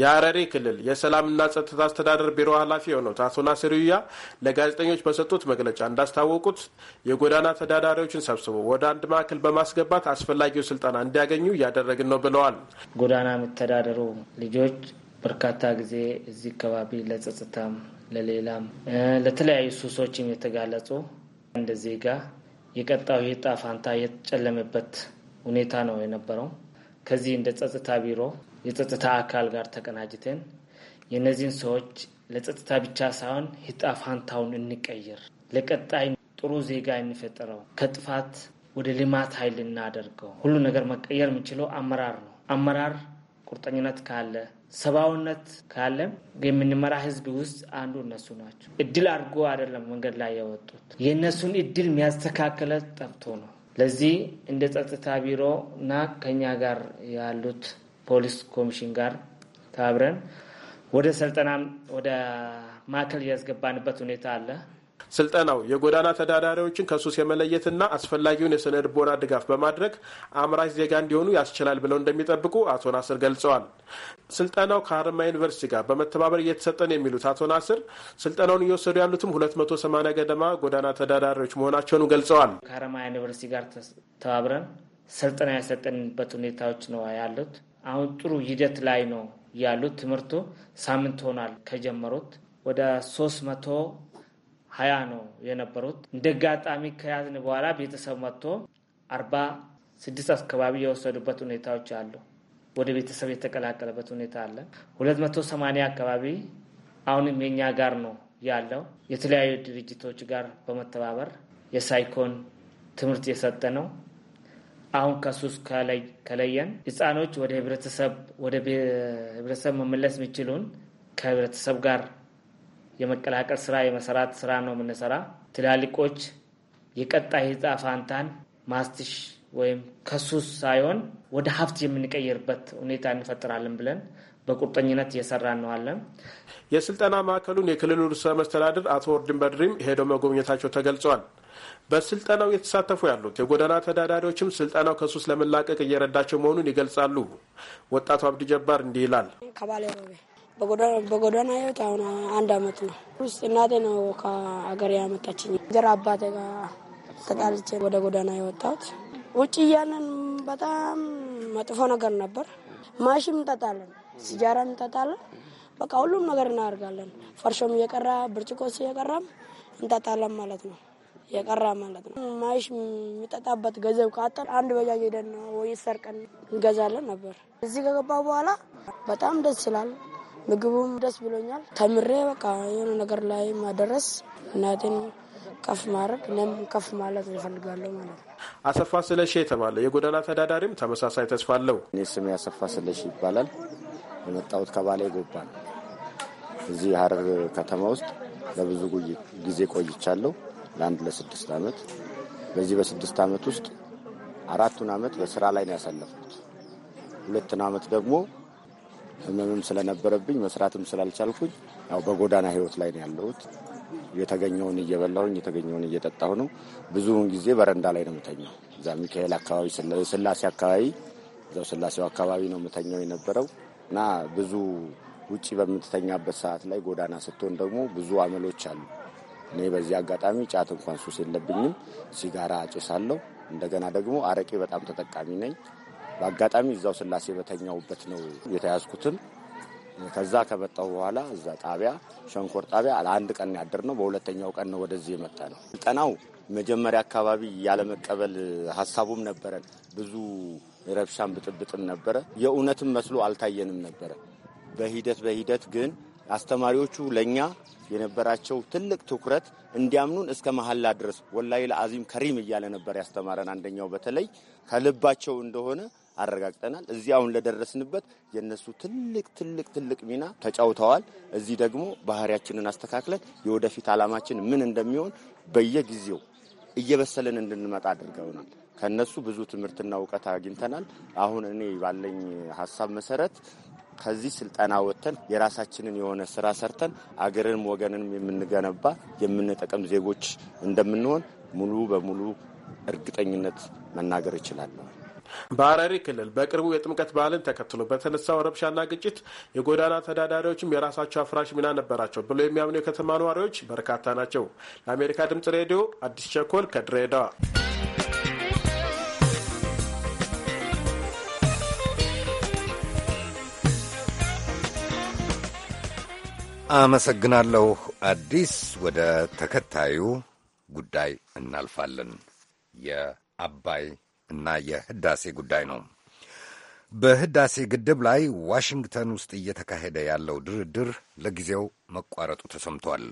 የሐረሪ ክልል የሰላምና ጸጥታ አስተዳደር ቢሮ ኃላፊ የሆኑት አቶ ናስር ዩያ ለጋዜጠኞች በሰጡት መግለጫ እንዳስታወቁት የጎዳና ተዳዳሪዎችን ሰብስቦ ወደ አንድ ማዕከል በማስገባት አስፈላጊው ስልጠና እንዲያገኙ እያደረግን ነው ብለዋል። ጎዳና የሚተዳደሩ ልጆች በርካታ ጊዜ እዚህ አካባቢ ለጸጥታም ለሌላም ለተለያዩ ሱሶችም የተጋለጹ እንደ ዜጋ የቀጣዩ ዕጣ ፈንታ የተጨለመበት ሁኔታ ነው የነበረው። ከዚህ እንደ ጸጥታ ቢሮ የጸጥታ አካል ጋር ተቀናጅተን የእነዚህን ሰዎች ለጸጥታ ብቻ ሳይሆን ዕጣ ፈንታውን እንቀይር፣ ለቀጣይ ጥሩ ዜጋ እንፈጥረው፣ ከጥፋት ወደ ልማት ኃይል እናደርገው። ሁሉ ነገር መቀየር የሚችለው አመራር ነው። አመራር ቁርጠኝነት ካለ ሰብአውነት ካለ የምንመራ ህዝብ ውስጥ አንዱ እነሱ ናቸው። እድል አድርጎ አይደለም መንገድ ላይ ያወጡት። የእነሱን እድል የሚያስተካከለ ጠብቶ ነው። ለዚህ እንደ ጸጥታ ቢሮ እና ከኛ ጋር ያሉት ፖሊስ ኮሚሽን ጋር ተባብረን ወደ ሰልጠና ወደ ማዕከል እያስገባንበት ሁኔታ አለ። ስልጠናው የጎዳና ተዳዳሪዎችን ከሱስ የመለየትና አስፈላጊውን የስነ ልቦና ድጋፍ በማድረግ አምራች ዜጋ እንዲሆኑ ያስችላል ብለው እንደሚጠብቁ አቶ ናስር ገልጸዋል። ስልጠናው ከሀረማያ ዩኒቨርሲቲ ጋር በመተባበር እየተሰጠን የሚሉት አቶ ናስር ስልጠናውን እየወሰዱ ያሉትም 280 ገደማ ጎዳና ተዳዳሪዎች መሆናቸውን ገልጸዋል። ከሀረማያ ዩኒቨርሲቲ ጋር ተባብረን ስልጠና ያሰጠንበት ሁኔታዎች ነው ያሉት። አሁን ጥሩ ሂደት ላይ ነው ያሉት። ትምህርቱ ሳምንት ሆኗል ከጀመሩት ወደ ሶስት መቶ ሀያ ነው የነበሩት። እንደ አጋጣሚ ከያዝን በኋላ ቤተሰብ መጥቶ አርባ ስድስት አካባቢ የወሰዱበት ሁኔታዎች አሉ። ወደ ቤተሰብ የተቀላቀለበት ሁኔታ አለ። ሁለት መቶ ሰማኒያ አካባቢ አሁንም የኛ ጋር ነው ያለው። የተለያዩ ድርጅቶች ጋር በመተባበር የሳይኮን ትምህርት የሰጠ ነው። አሁን ከሱስ ከለየን ህፃኖች ወደ ህብረተሰብ ወደ ህብረተሰብ መመለስ የሚችሉን ከህብረተሰብ ጋር የመቀላቀል ስራ የመሰራት ስራ ነው የምንሰራ። ትላልቆች የቀጣይ ዕጣ ፋንታን ማስትሽ ወይም ከሱስ ሳይሆን ወደ ሀብት የምንቀይርበት ሁኔታ እንፈጥራለን ብለን በቁርጠኝነት እየሰራ እንዋለን። የስልጠና ማዕከሉን የክልሉ ርዕሰ መስተዳድር አቶ ወርድን በድሪም ሄደው መጎብኘታቸው ተገልጿል። በስልጠናው የተሳተፉ ያሉት የጎዳና ተዳዳሪዎችም ስልጠናው ከሱስ ለመላቀቅ እየረዳቸው መሆኑን ይገልጻሉ። ወጣቱ አብድ ጀባር እንዲህ ይላል። በጎዳና ህይወት አሁን አንድ አመት ነው ውስጥ እናቴ ነው ከአገር ያመጣችኝ። ጀራ አባቴ ጋር ተጣልቼ ወደ ጎዳና የወጣሁት ውጭ እያለን በጣም መጥፎ ነገር ነበር። ማሽም እንጠጣለን፣ ሲጃራ እንጠጣለን። በቃ ሁሉም ነገር እናደርጋለን። ፈርሾም እየቀራ ብርጭቆስ እየቀራም እንጠጣለን ማለት ነው። የቀራ ማለት ነው። ማይሽ የሚጠጣበት ገንዘብ ካጠር አንድ በጃጅ ሄደን ወይ ሰርቀን እንገዛለን ነበር። እዚህ ከገባ በኋላ በጣም ደስ ይላል። ምግቡም ደስ ብሎኛል። ተምሬ በቃ የሆነ ነገር ላይ ማደረስ እናቴን ከፍ ማድረግ እኔም ከፍ ማለት እፈልጋለሁ ማለት ነው። አሰፋ ስለሺ የተባለ የጎዳና ተዳዳሪም ተመሳሳይ ተስፋ አለው። እኔ ስሜ አሰፋ ስለሺ ይባላል። የመጣሁት ከባሌ ጎባ ነው። እዚህ ሀረር ከተማ ውስጥ ለብዙ ጊዜ ቆይቻለሁ። ለአንድ ለስድስት ዓመት በዚህ በስድስት ዓመት ውስጥ አራቱን ዓመት በስራ ላይ ነው ያሳለፍኩት። ሁለትን ዓመት ደግሞ ህመምም ስለነበረብኝ መስራትም ስላልቻልኩኝ ያው በጎዳና ህይወት ላይ ነው ያለሁት። የተገኘውን እየበላሁኝ የተገኘውን እየጠጣሁ ነው። ብዙውን ጊዜ በረንዳ ላይ ነው የምተኛው። እዛ ሚካኤል አካባቢ ስላሴ አካባቢ እዛው ስላሴው አካባቢ ነው የምተኛው የነበረው እና ብዙ ውጭ በምትተኛበት ሰዓት ላይ ጎዳና ስትሆን ደግሞ ብዙ አመሎች አሉ። እኔ በዚህ አጋጣሚ ጫት እንኳን ሱስ የለብኝም፣ ሲጋራ አጭሳለሁ። እንደገና ደግሞ አረቄ በጣም ተጠቃሚ ነኝ። በአጋጣሚ እዛው ስላሴ በተኛውበት ነው የተያዝኩትም። ከዛ ከመጣሁ በኋላ እዛ ጣቢያ ሸንኮር ጣቢያ ለአንድ ቀን ያደር ነው። በሁለተኛው ቀን ነው ወደዚህ የመጣ ነው። ስልጠናው መጀመሪያ አካባቢ ያለመቀበል ሀሳቡም ነበረን። ብዙ ረብሻን ብጥብጥም ነበረ። የእውነትም መስሎ አልታየንም ነበረ። በሂደት በሂደት ግን አስተማሪዎቹ ለእኛ የነበራቸው ትልቅ ትኩረት እንዲያምኑን እስከ መሐላ ድረስ ወላሂ ለአዚም ከሪም እያለ ነበር ያስተማረን። አንደኛው በተለይ ከልባቸው እንደሆነ አረጋግጠናል። እዚህ አሁን ለደረስንበት የእነሱ ትልቅ ትልቅ ትልቅ ሚና ተጫውተዋል። እዚህ ደግሞ ባህሪያችንን አስተካክለን የወደፊት ዓላማችን ምን እንደሚሆን በየጊዜው እየበሰልን እንድንመጣ አድርገውናል። ከነሱ ብዙ ትምህርትና እውቀት አግኝተናል። አሁን እኔ ባለኝ ሀሳብ መሰረት ከዚህ ስልጠና ወጥተን የራሳችንን የሆነ ስራ ሰርተን አገርንም ወገንንም የምንገነባ የምንጠቅም ዜጎች እንደምንሆን ሙሉ በሙሉ እርግጠኝነት መናገር እችላለሁ። በሀረሪ ክልል በቅርቡ የጥምቀት በዓልን ተከትሎ በተነሳው ረብሻና ግጭት የጎዳና ተዳዳሪዎችም የራሳቸው አፍራሽ ሚና ነበራቸው ብሎ የሚያምኑ የከተማ ነዋሪዎች በርካታ ናቸው። ለአሜሪካ ድምጽ ሬዲዮ አዲስ ቸኮል ከድሬዳዋ። አመሰግናለሁ አዲስ። ወደ ተከታዩ ጉዳይ እናልፋለን። የአባይ እና የህዳሴ ጉዳይ ነው። በህዳሴ ግድብ ላይ ዋሽንግተን ውስጥ እየተካሄደ ያለው ድርድር ለጊዜው መቋረጡ ተሰምቷል።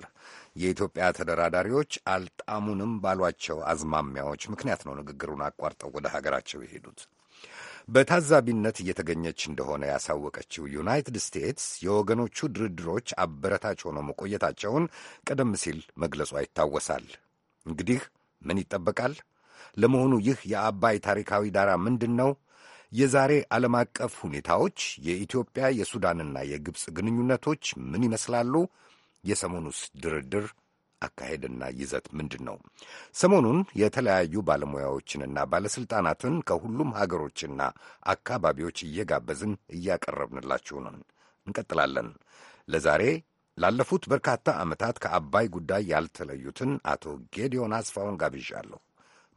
የኢትዮጵያ ተደራዳሪዎች አልጣሙንም ባሏቸው አዝማሚያዎች ምክንያት ነው ንግግሩን አቋርጠው ወደ ሀገራቸው የሄዱት። በታዛቢነት እየተገኘች እንደሆነ ያሳወቀችው ዩናይትድ ስቴትስ የወገኖቹ ድርድሮች አበረታች ሆነው መቆየታቸውን ቀደም ሲል መግለጿ ይታወሳል። እንግዲህ ምን ይጠበቃል? ለመሆኑ ይህ የአባይ ታሪካዊ ዳራ ምንድን ነው? የዛሬ ዓለም አቀፍ ሁኔታዎች፣ የኢትዮጵያ የሱዳንና የግብፅ ግንኙነቶች ምን ይመስላሉ? የሰሞኑስ ድርድር አካሄድና ይዘት ምንድን ነው? ሰሞኑን የተለያዩ ባለሙያዎችንና ባለሥልጣናትን ከሁሉም ሀገሮችና አካባቢዎች እየጋበዝን እያቀረብንላችሁ ነን። እንቀጥላለን። ለዛሬ ላለፉት በርካታ ዓመታት ከአባይ ጉዳይ ያልተለዩትን አቶ ጌዲዮን አስፋውን ጋብዣለሁ።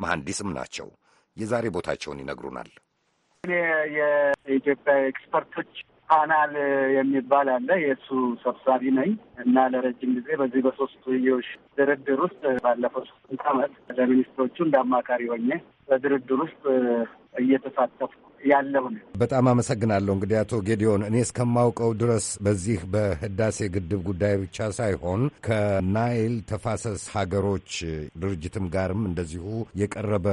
መሐንዲስም ናቸው። የዛሬ ቦታቸውን ይነግሩናል። እኔ የኢትዮጵያ ኤክስፐርቶች ፓናል የሚባል አለ። የእሱ ሰብሳቢ ነኝ እና ለረጅም ጊዜ በዚህ ዮሽ ድርድር ውስጥ ባለፈው ሶስት ዓመት ለሚኒስትሮቹ እንደ አማካሪ ሆኜ በድርድር ውስጥ እየተሳተፍኩ ያለው ነው። በጣም አመሰግናለሁ። እንግዲህ አቶ ጌዲዮን፣ እኔ እስከማውቀው ድረስ በዚህ በህዳሴ ግድብ ጉዳይ ብቻ ሳይሆን ከናይል ተፋሰስ ሀገሮች ድርጅትም ጋርም እንደዚሁ የቀረበ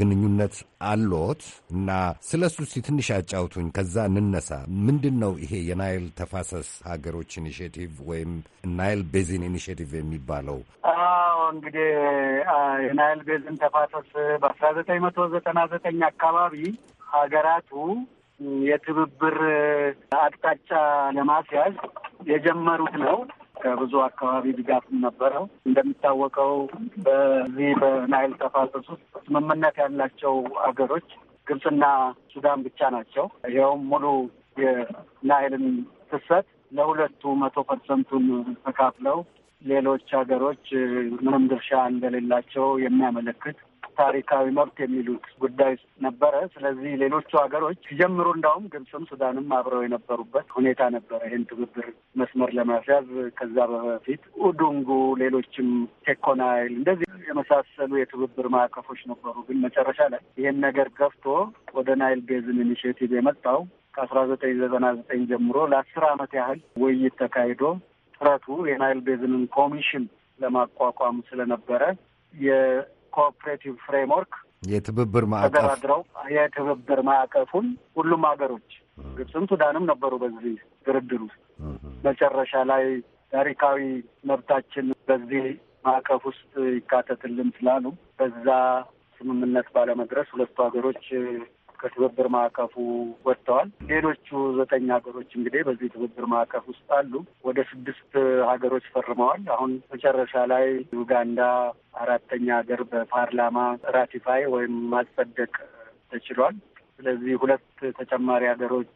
ግንኙነት አሎት እና ስለ እሱ እስኪ ትንሽ አጫውቱኝ። ከዛ እንነሳ። ምንድን ነው ይሄ የናይል ተፋሰስ ሀገሮች ኢኒሽቲቭ ወይም ናይል ቤዚን ኢኒሽቲቭ የሚባለው? አዎ እንግዲህ የናይል ቤዝን ተፋሰስ በአስራ ዘጠኝ መቶ ዘጠና ዘጠኝ አካባቢ ሀገራቱ የትብብር አቅጣጫ ለማስያዝ የጀመሩት ነው። ከብዙ አካባቢ ድጋፍም ነበረው። እንደሚታወቀው በዚህ በናይል ተፋሰሱ ውስጥ ስምምነት ያላቸው ሀገሮች ግብፅና ሱዳን ብቻ ናቸው። ይኸውም ሙሉ የናይልን ፍሰት ለሁለቱ መቶ ፐርሰንቱን ተካፍለው ሌሎች ሀገሮች ምንም ድርሻ እንደሌላቸው የሚያመለክት ታሪካዊ መብት የሚሉት ጉዳይ ነበረ። ስለዚህ ሌሎቹ ሀገሮች ሲጀምሩ እንዳውም ግብፅም ሱዳንም አብረው የነበሩበት ሁኔታ ነበረ ይህን ትብብር መስመር ለማስያዝ ከዛ በፊት ኡዱንጉ፣ ሌሎችም ቴኮናይል እንደዚህ የመሳሰሉ የትብብር ማዕቀፎች ነበሩ። ግን መጨረሻ ላይ ይህን ነገር ገፍቶ ወደ ናይል ቤዝን ኢኒሽቲቭ የመጣው ከአስራ ዘጠኝ ዘጠና ዘጠኝ ጀምሮ ለአስር አመት ያህል ውይይት ተካሂዶ ጥረቱ የናይል ቤዝንን ኮሚሽን ለማቋቋም ስለነበረ ኮኦፕሬቲቭ ፍሬምወርክ የትብብር ማዕቀፍ ተደራድረው የትብብር ማዕቀፉን ሁሉም ሀገሮች ግብፅም ሱዳንም ነበሩ በዚህ ድርድር ውስጥ። መጨረሻ ላይ ታሪካዊ መብታችን በዚህ ማዕቀፍ ውስጥ ይካተትልን ስላሉ በዛ ስምምነት ባለመድረስ ሁለቱ ሀገሮች ከትብብር ማዕቀፉ ወጥተዋል። ሌሎቹ ዘጠኝ ሀገሮች እንግዲህ በዚህ ትብብር ማዕቀፍ ውስጥ አሉ። ወደ ስድስት ሀገሮች ፈርመዋል። አሁን መጨረሻ ላይ ዩጋንዳ አራተኛ ሀገር በፓርላማ ራቲፋይ ወይም ማጸደቅ ተችሏል። ስለዚህ ሁለት ተጨማሪ ሀገሮች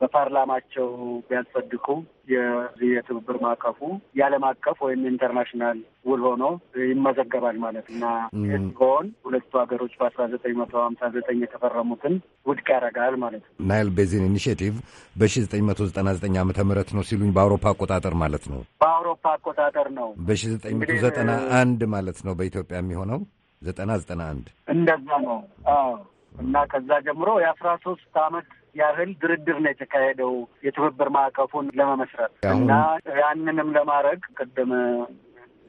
በፓርላማቸው ቢያጸድቁ የዚህ የትብብር ማዕቀፉ የዓለም አቀፍ ወይም ኢንተርናሽናል ውል ሆኖ ይመዘገባል ማለት እና ሲሆን ሁለቱ ሀገሮች በአስራ ዘጠኝ መቶ ሀምሳ ዘጠኝ የተፈረሙትን ውድቅ ያደርጋል ማለት ነው። ናይል ቤዚን ኢኒሽቲቭ በሺ ዘጠኝ መቶ ዘጠና ዘጠኝ ዓመተ ምህረት ነው ሲሉኝ በአውሮፓ አቆጣጠር ማለት ነው። በአውሮፓ አቆጣጠር ነው። በሺ ዘጠኝ መቶ ዘጠና አንድ ማለት ነው በኢትዮጵያ የሚሆነው ዘጠና ዘጠና አንድ እንደዛ ነው። አዎ እና ከዛ ጀምሮ የአስራ ሶስት አመት ያህል ድርድር ነው የተካሄደው የትብብር ማዕቀፉን ለመመስረት እና ያንንም ለማድረግ ቅድም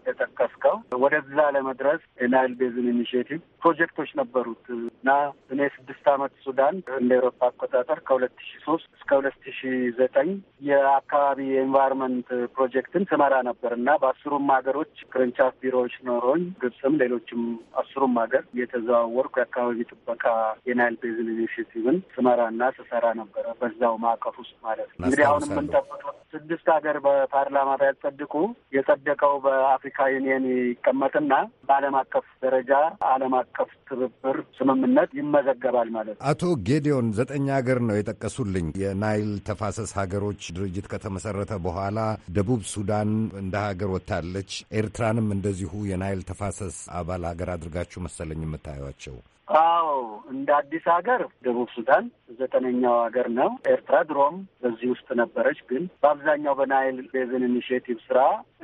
የጠቀስከው ወደዛ ለመድረስ የናይል ቤዝን ኢኒሽቲቭ ፕሮጀክቶች ነበሩት እና እኔ ስድስት አመት ሱዳን እንደ ኤሮፓ አቆጣጠር ከሁለት ሺ ሶስት እስከ ሁለት ሺ ዘጠኝ የአካባቢ የኤንቫይሮንመንት ፕሮጀክትን ስመራ ነበር እና በአስሩም ሀገሮች ቅርንጫፍ ቢሮዎች ኖሮኝ ግብፅም፣ ሌሎችም አስሩም ሀገር እየተዘዋወርኩ የአካባቢ ጥበቃ የናይል ቤዝን ኢኒሽቲቭን ስመራ እና ስሰራ ነበረ በዛው ማዕቀፍ ውስጥ ማለት ነው። እንግዲህ አሁን የምንጠብቀው ስድስት ሀገር በፓርላማ ያጸድቁ የጸደቀው በአፍሪካ የአፍሪካ ዩኒየን ይቀመጥና በዓለም አቀፍ ደረጃ ዓለም አቀፍ ትብብር ስምምነት ይመዘገባል ማለት ነው። አቶ ጌዲዮን ዘጠኝ ሀገር ነው የጠቀሱልኝ የናይል ተፋሰስ ሀገሮች ድርጅት ከተመሰረተ በኋላ ደቡብ ሱዳን እንደ ሀገር ወጥታለች። ኤርትራንም እንደዚሁ የናይል ተፋሰስ አባል ሀገር አድርጋችሁ መሰለኝ የምታዩቸው አዎ እንደ አዲስ ሀገር ደቡብ ሱዳን ዘጠነኛው ሀገር ነው። ኤርትራ ድሮም በዚህ ውስጥ ነበረች፣ ግን በአብዛኛው በናይል ቤዝን ኢኒሽቲቭ ስራ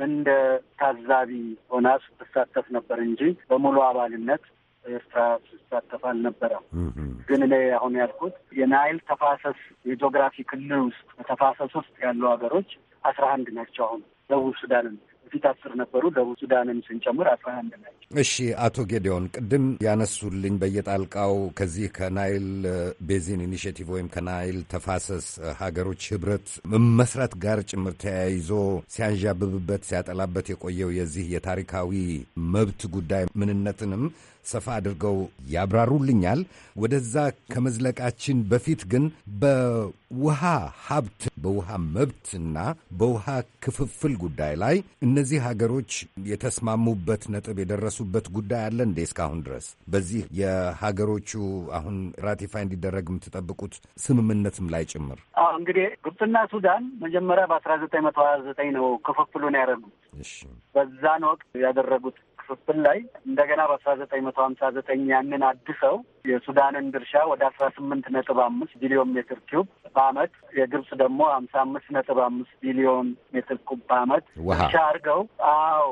እንደ ታዛቢ ሆና ስትሳተፍ ነበር እንጂ በሙሉ አባልነት ኤርትራ ስትሳተፍ አልነበረም። ግን እኔ አሁን ያልኩት የናይል ተፋሰስ የጂኦግራፊ ክልል ውስጥ በተፋሰስ ውስጥ ያሉ ሀገሮች አስራ አንድ ናቸው። አሁን ደቡብ ሱዳንን በፊት አስር ነበሩ። ደቡብ ሱዳንን ስንጨምር አስራ አንድ ናቸው። እሺ አቶ ጌዲዮን ቅድም ያነሱልኝ በየጣልቃው ከዚህ ከናይል ቤዚን ኢኒሽቲቭ ወይም ከናይል ተፋሰስ ሀገሮች ህብረት መመስረት ጋር ጭምር ተያይዞ ሲያንዣብብበት ሲያጠላበት የቆየው የዚህ የታሪካዊ መብት ጉዳይ ምንነትንም ሰፋ አድርገው ያብራሩልኛል። ወደዛ ከመዝለቃችን በፊት ግን በውሃ ሀብት፣ በውሃ መብትና በውሃ ክፍፍል ጉዳይ ላይ እነዚህ ሀገሮች የተስማሙበት ነጥብ የደረሱ የደረሱበት ጉዳይ አለ እንዴ? እስካሁን ድረስ በዚህ የሀገሮቹ አሁን ራቲፋይ እንዲደረግ የምትጠብቁት ስምምነትም ላይ ጭምር እንግዲህ ግብፅና ሱዳን መጀመሪያ በአስራ ዘጠኝ መቶ ሀያ ዘጠኝ ነው ክፍፍሉን ያደረጉት። በዛን ወቅት ያደረጉት ክፍፍል ላይ እንደገና በአስራ ዘጠኝ መቶ ሀምሳ ዘጠኝ ያንን አድሰው የሱዳንን ድርሻ ወደ አስራ ስምንት ነጥብ አምስት ቢሊዮን ሜትር ኪዩብ በአመት የግብፅ ደግሞ ሀምሳ አምስት ነጥብ አምስት ቢሊዮን ሜትር ኪዩብ በአመት ድርሻ አድርገው አዎ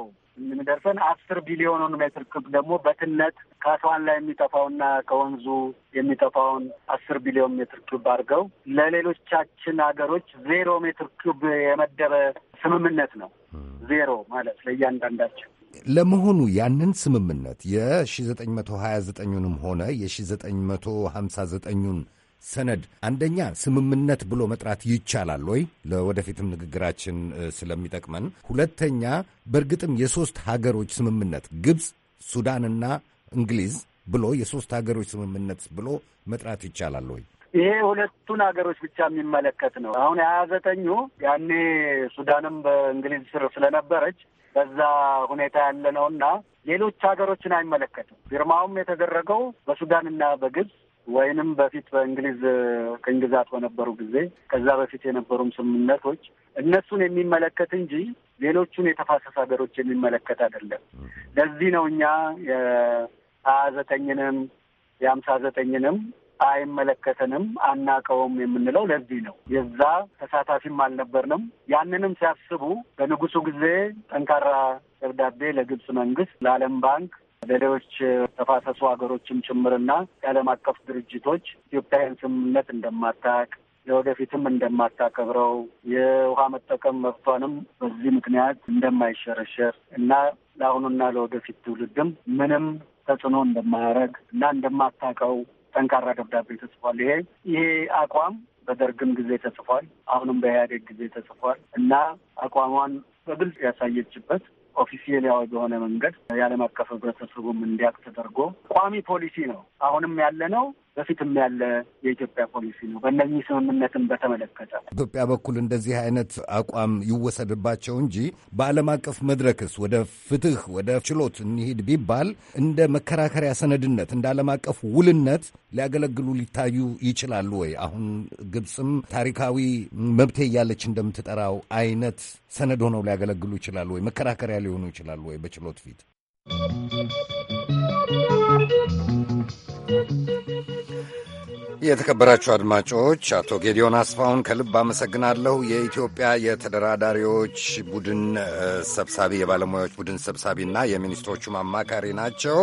የሚደርሰን አስር ቢሊዮኑን ሜትር ክብ ደግሞ በትነት ከአስዋን ላይ የሚጠፋውና ከወንዙ የሚጠፋውን አስር ቢሊዮን ሜትር ክብ አድርገው ለሌሎቻችን ሀገሮች ዜሮ ሜትር ክብ የመደበ ስምምነት ነው። ዜሮ ማለት ለእያንዳንዳችን። ለመሆኑ ያንን ስምምነት የ1929ንም ሆነ የ1959ን ሰነድ አንደኛ ስምምነት ብሎ መጥራት ይቻላል ወይ? ለወደፊትም ንግግራችን ስለሚጠቅመን። ሁለተኛ በእርግጥም የሶስት ሀገሮች ስምምነት ግብፅ፣ ሱዳንና እንግሊዝ ብሎ የሶስት ሀገሮች ስምምነት ብሎ መጥራት ይቻላል ወይ? ይሄ ሁለቱን ሀገሮች ብቻ የሚመለከት ነው። አሁን የሀያ ዘጠኙ ያኔ ሱዳንም በእንግሊዝ ስር ስለነበረች በዛ ሁኔታ ያለ ነውና ሌሎች ሀገሮችን አይመለከትም። ፊርማውም የተደረገው በሱዳንና በግብፅ ወይንም በፊት በእንግሊዝ ቅኝ ግዛት በነበሩ ጊዜ ከዛ በፊት የነበሩም ስምምነቶች እነሱን የሚመለከት እንጂ ሌሎቹን የተፋሰስ ሀገሮች የሚመለከት አይደለም። ለዚህ ነው እኛ የሀያ ዘጠኝንም የሀምሳ ዘጠኝንም አይመለከተንም አናቀውም የምንለው ለዚህ ነው። የዛ ተሳታፊም አልነበርንም። ያንንም ሲያስቡ በንጉሱ ጊዜ ጠንካራ ደብዳቤ ለግብጽ መንግስት፣ ለዓለም ባንክ ለሌሎች ተፋሰሱ ሀገሮችም ጭምርና የዓለም አቀፍ ድርጅቶች ኢትዮጵያን ስምምነት እንደማታቅ ለወደፊትም እንደማታከብረው የውሃ መጠቀም መብቷንም በዚህ ምክንያት እንደማይሸረሸር እና ለአሁኑና ለወደፊት ትውልድም ምንም ተጽዕኖ እንደማያደርግ እና እንደማታቀው ጠንካራ ደብዳቤ ተጽፏል። ይሄ ይሄ አቋም በደርግም ጊዜ ተጽፏል፣ አሁንም በኢህአዴግ ጊዜ ተጽፏል እና አቋሟን በግልጽ ያሳየችበት ኦፊሲየል ያው በሆነ መንገድ የዓለም አቀፍ ህብረተሰቡም እንዲያውቅ ተደርጎ ቋሚ ፖሊሲ ነው። አሁንም ያለ ነው። በፊትም ያለ የኢትዮጵያ ፖሊሲ ነው። በእነዚህ ስምምነትን በተመለከተ ኢትዮጵያ በኩል እንደዚህ አይነት አቋም ይወሰድባቸው እንጂ በዓለም አቀፍ መድረክስ ወደ ፍትህ ወደ ችሎት እንሂድ ቢባል እንደ መከራከሪያ ሰነድነት እንደ ዓለም አቀፍ ውልነት ሊያገለግሉ ሊታዩ ይችላሉ ወይ? አሁን ግብፅም ታሪካዊ መብቴ እያለች እንደምትጠራው አይነት ሰነድ ሆነው ሊያገለግሉ ይችላሉ ወይ? መከራከሪያ ሊሆኑ ይችላሉ ወይ በችሎት ፊት? የተከበራችሁ አድማጮች አቶ ጌዲዮን አስፋውን ከልብ አመሰግናለሁ። የኢትዮጵያ የተደራዳሪዎች ቡድን ሰብሳቢ የባለሙያዎች ቡድን ሰብሳቢና የሚኒስትሮቹም አማካሪ ናቸው።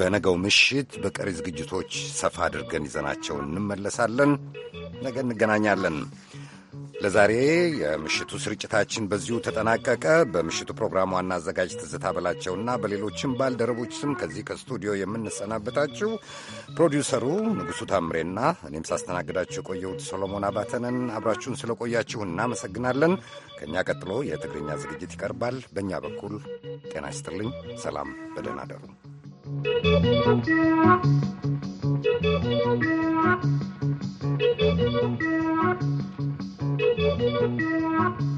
በነገው ምሽት በቀሪ ዝግጅቶች ሰፋ አድርገን ይዘናቸው እንመለሳለን። ነገ እንገናኛለን። ለዛሬ የምሽቱ ስርጭታችን በዚሁ ተጠናቀቀ። በምሽቱ ፕሮግራም ዋና አዘጋጅ ትዝታ በላቸውና በሌሎችም ባልደረቦች ስም ከዚህ ከስቱዲዮ የምንሰናበታችሁ ፕሮዲውሰሩ ንጉሡ ታምሬና እኔም ሳስተናግዳችሁ የቆየሁት ሰሎሞን አባተንን አብራችሁን ስለቆያችሁ እናመሰግናለን። ከእኛ ቀጥሎ የትግርኛ ዝግጅት ይቀርባል። በእኛ በኩል ጤና ይስጥልኝ። ሰላም፣ በደህና አደሩ። Thank you.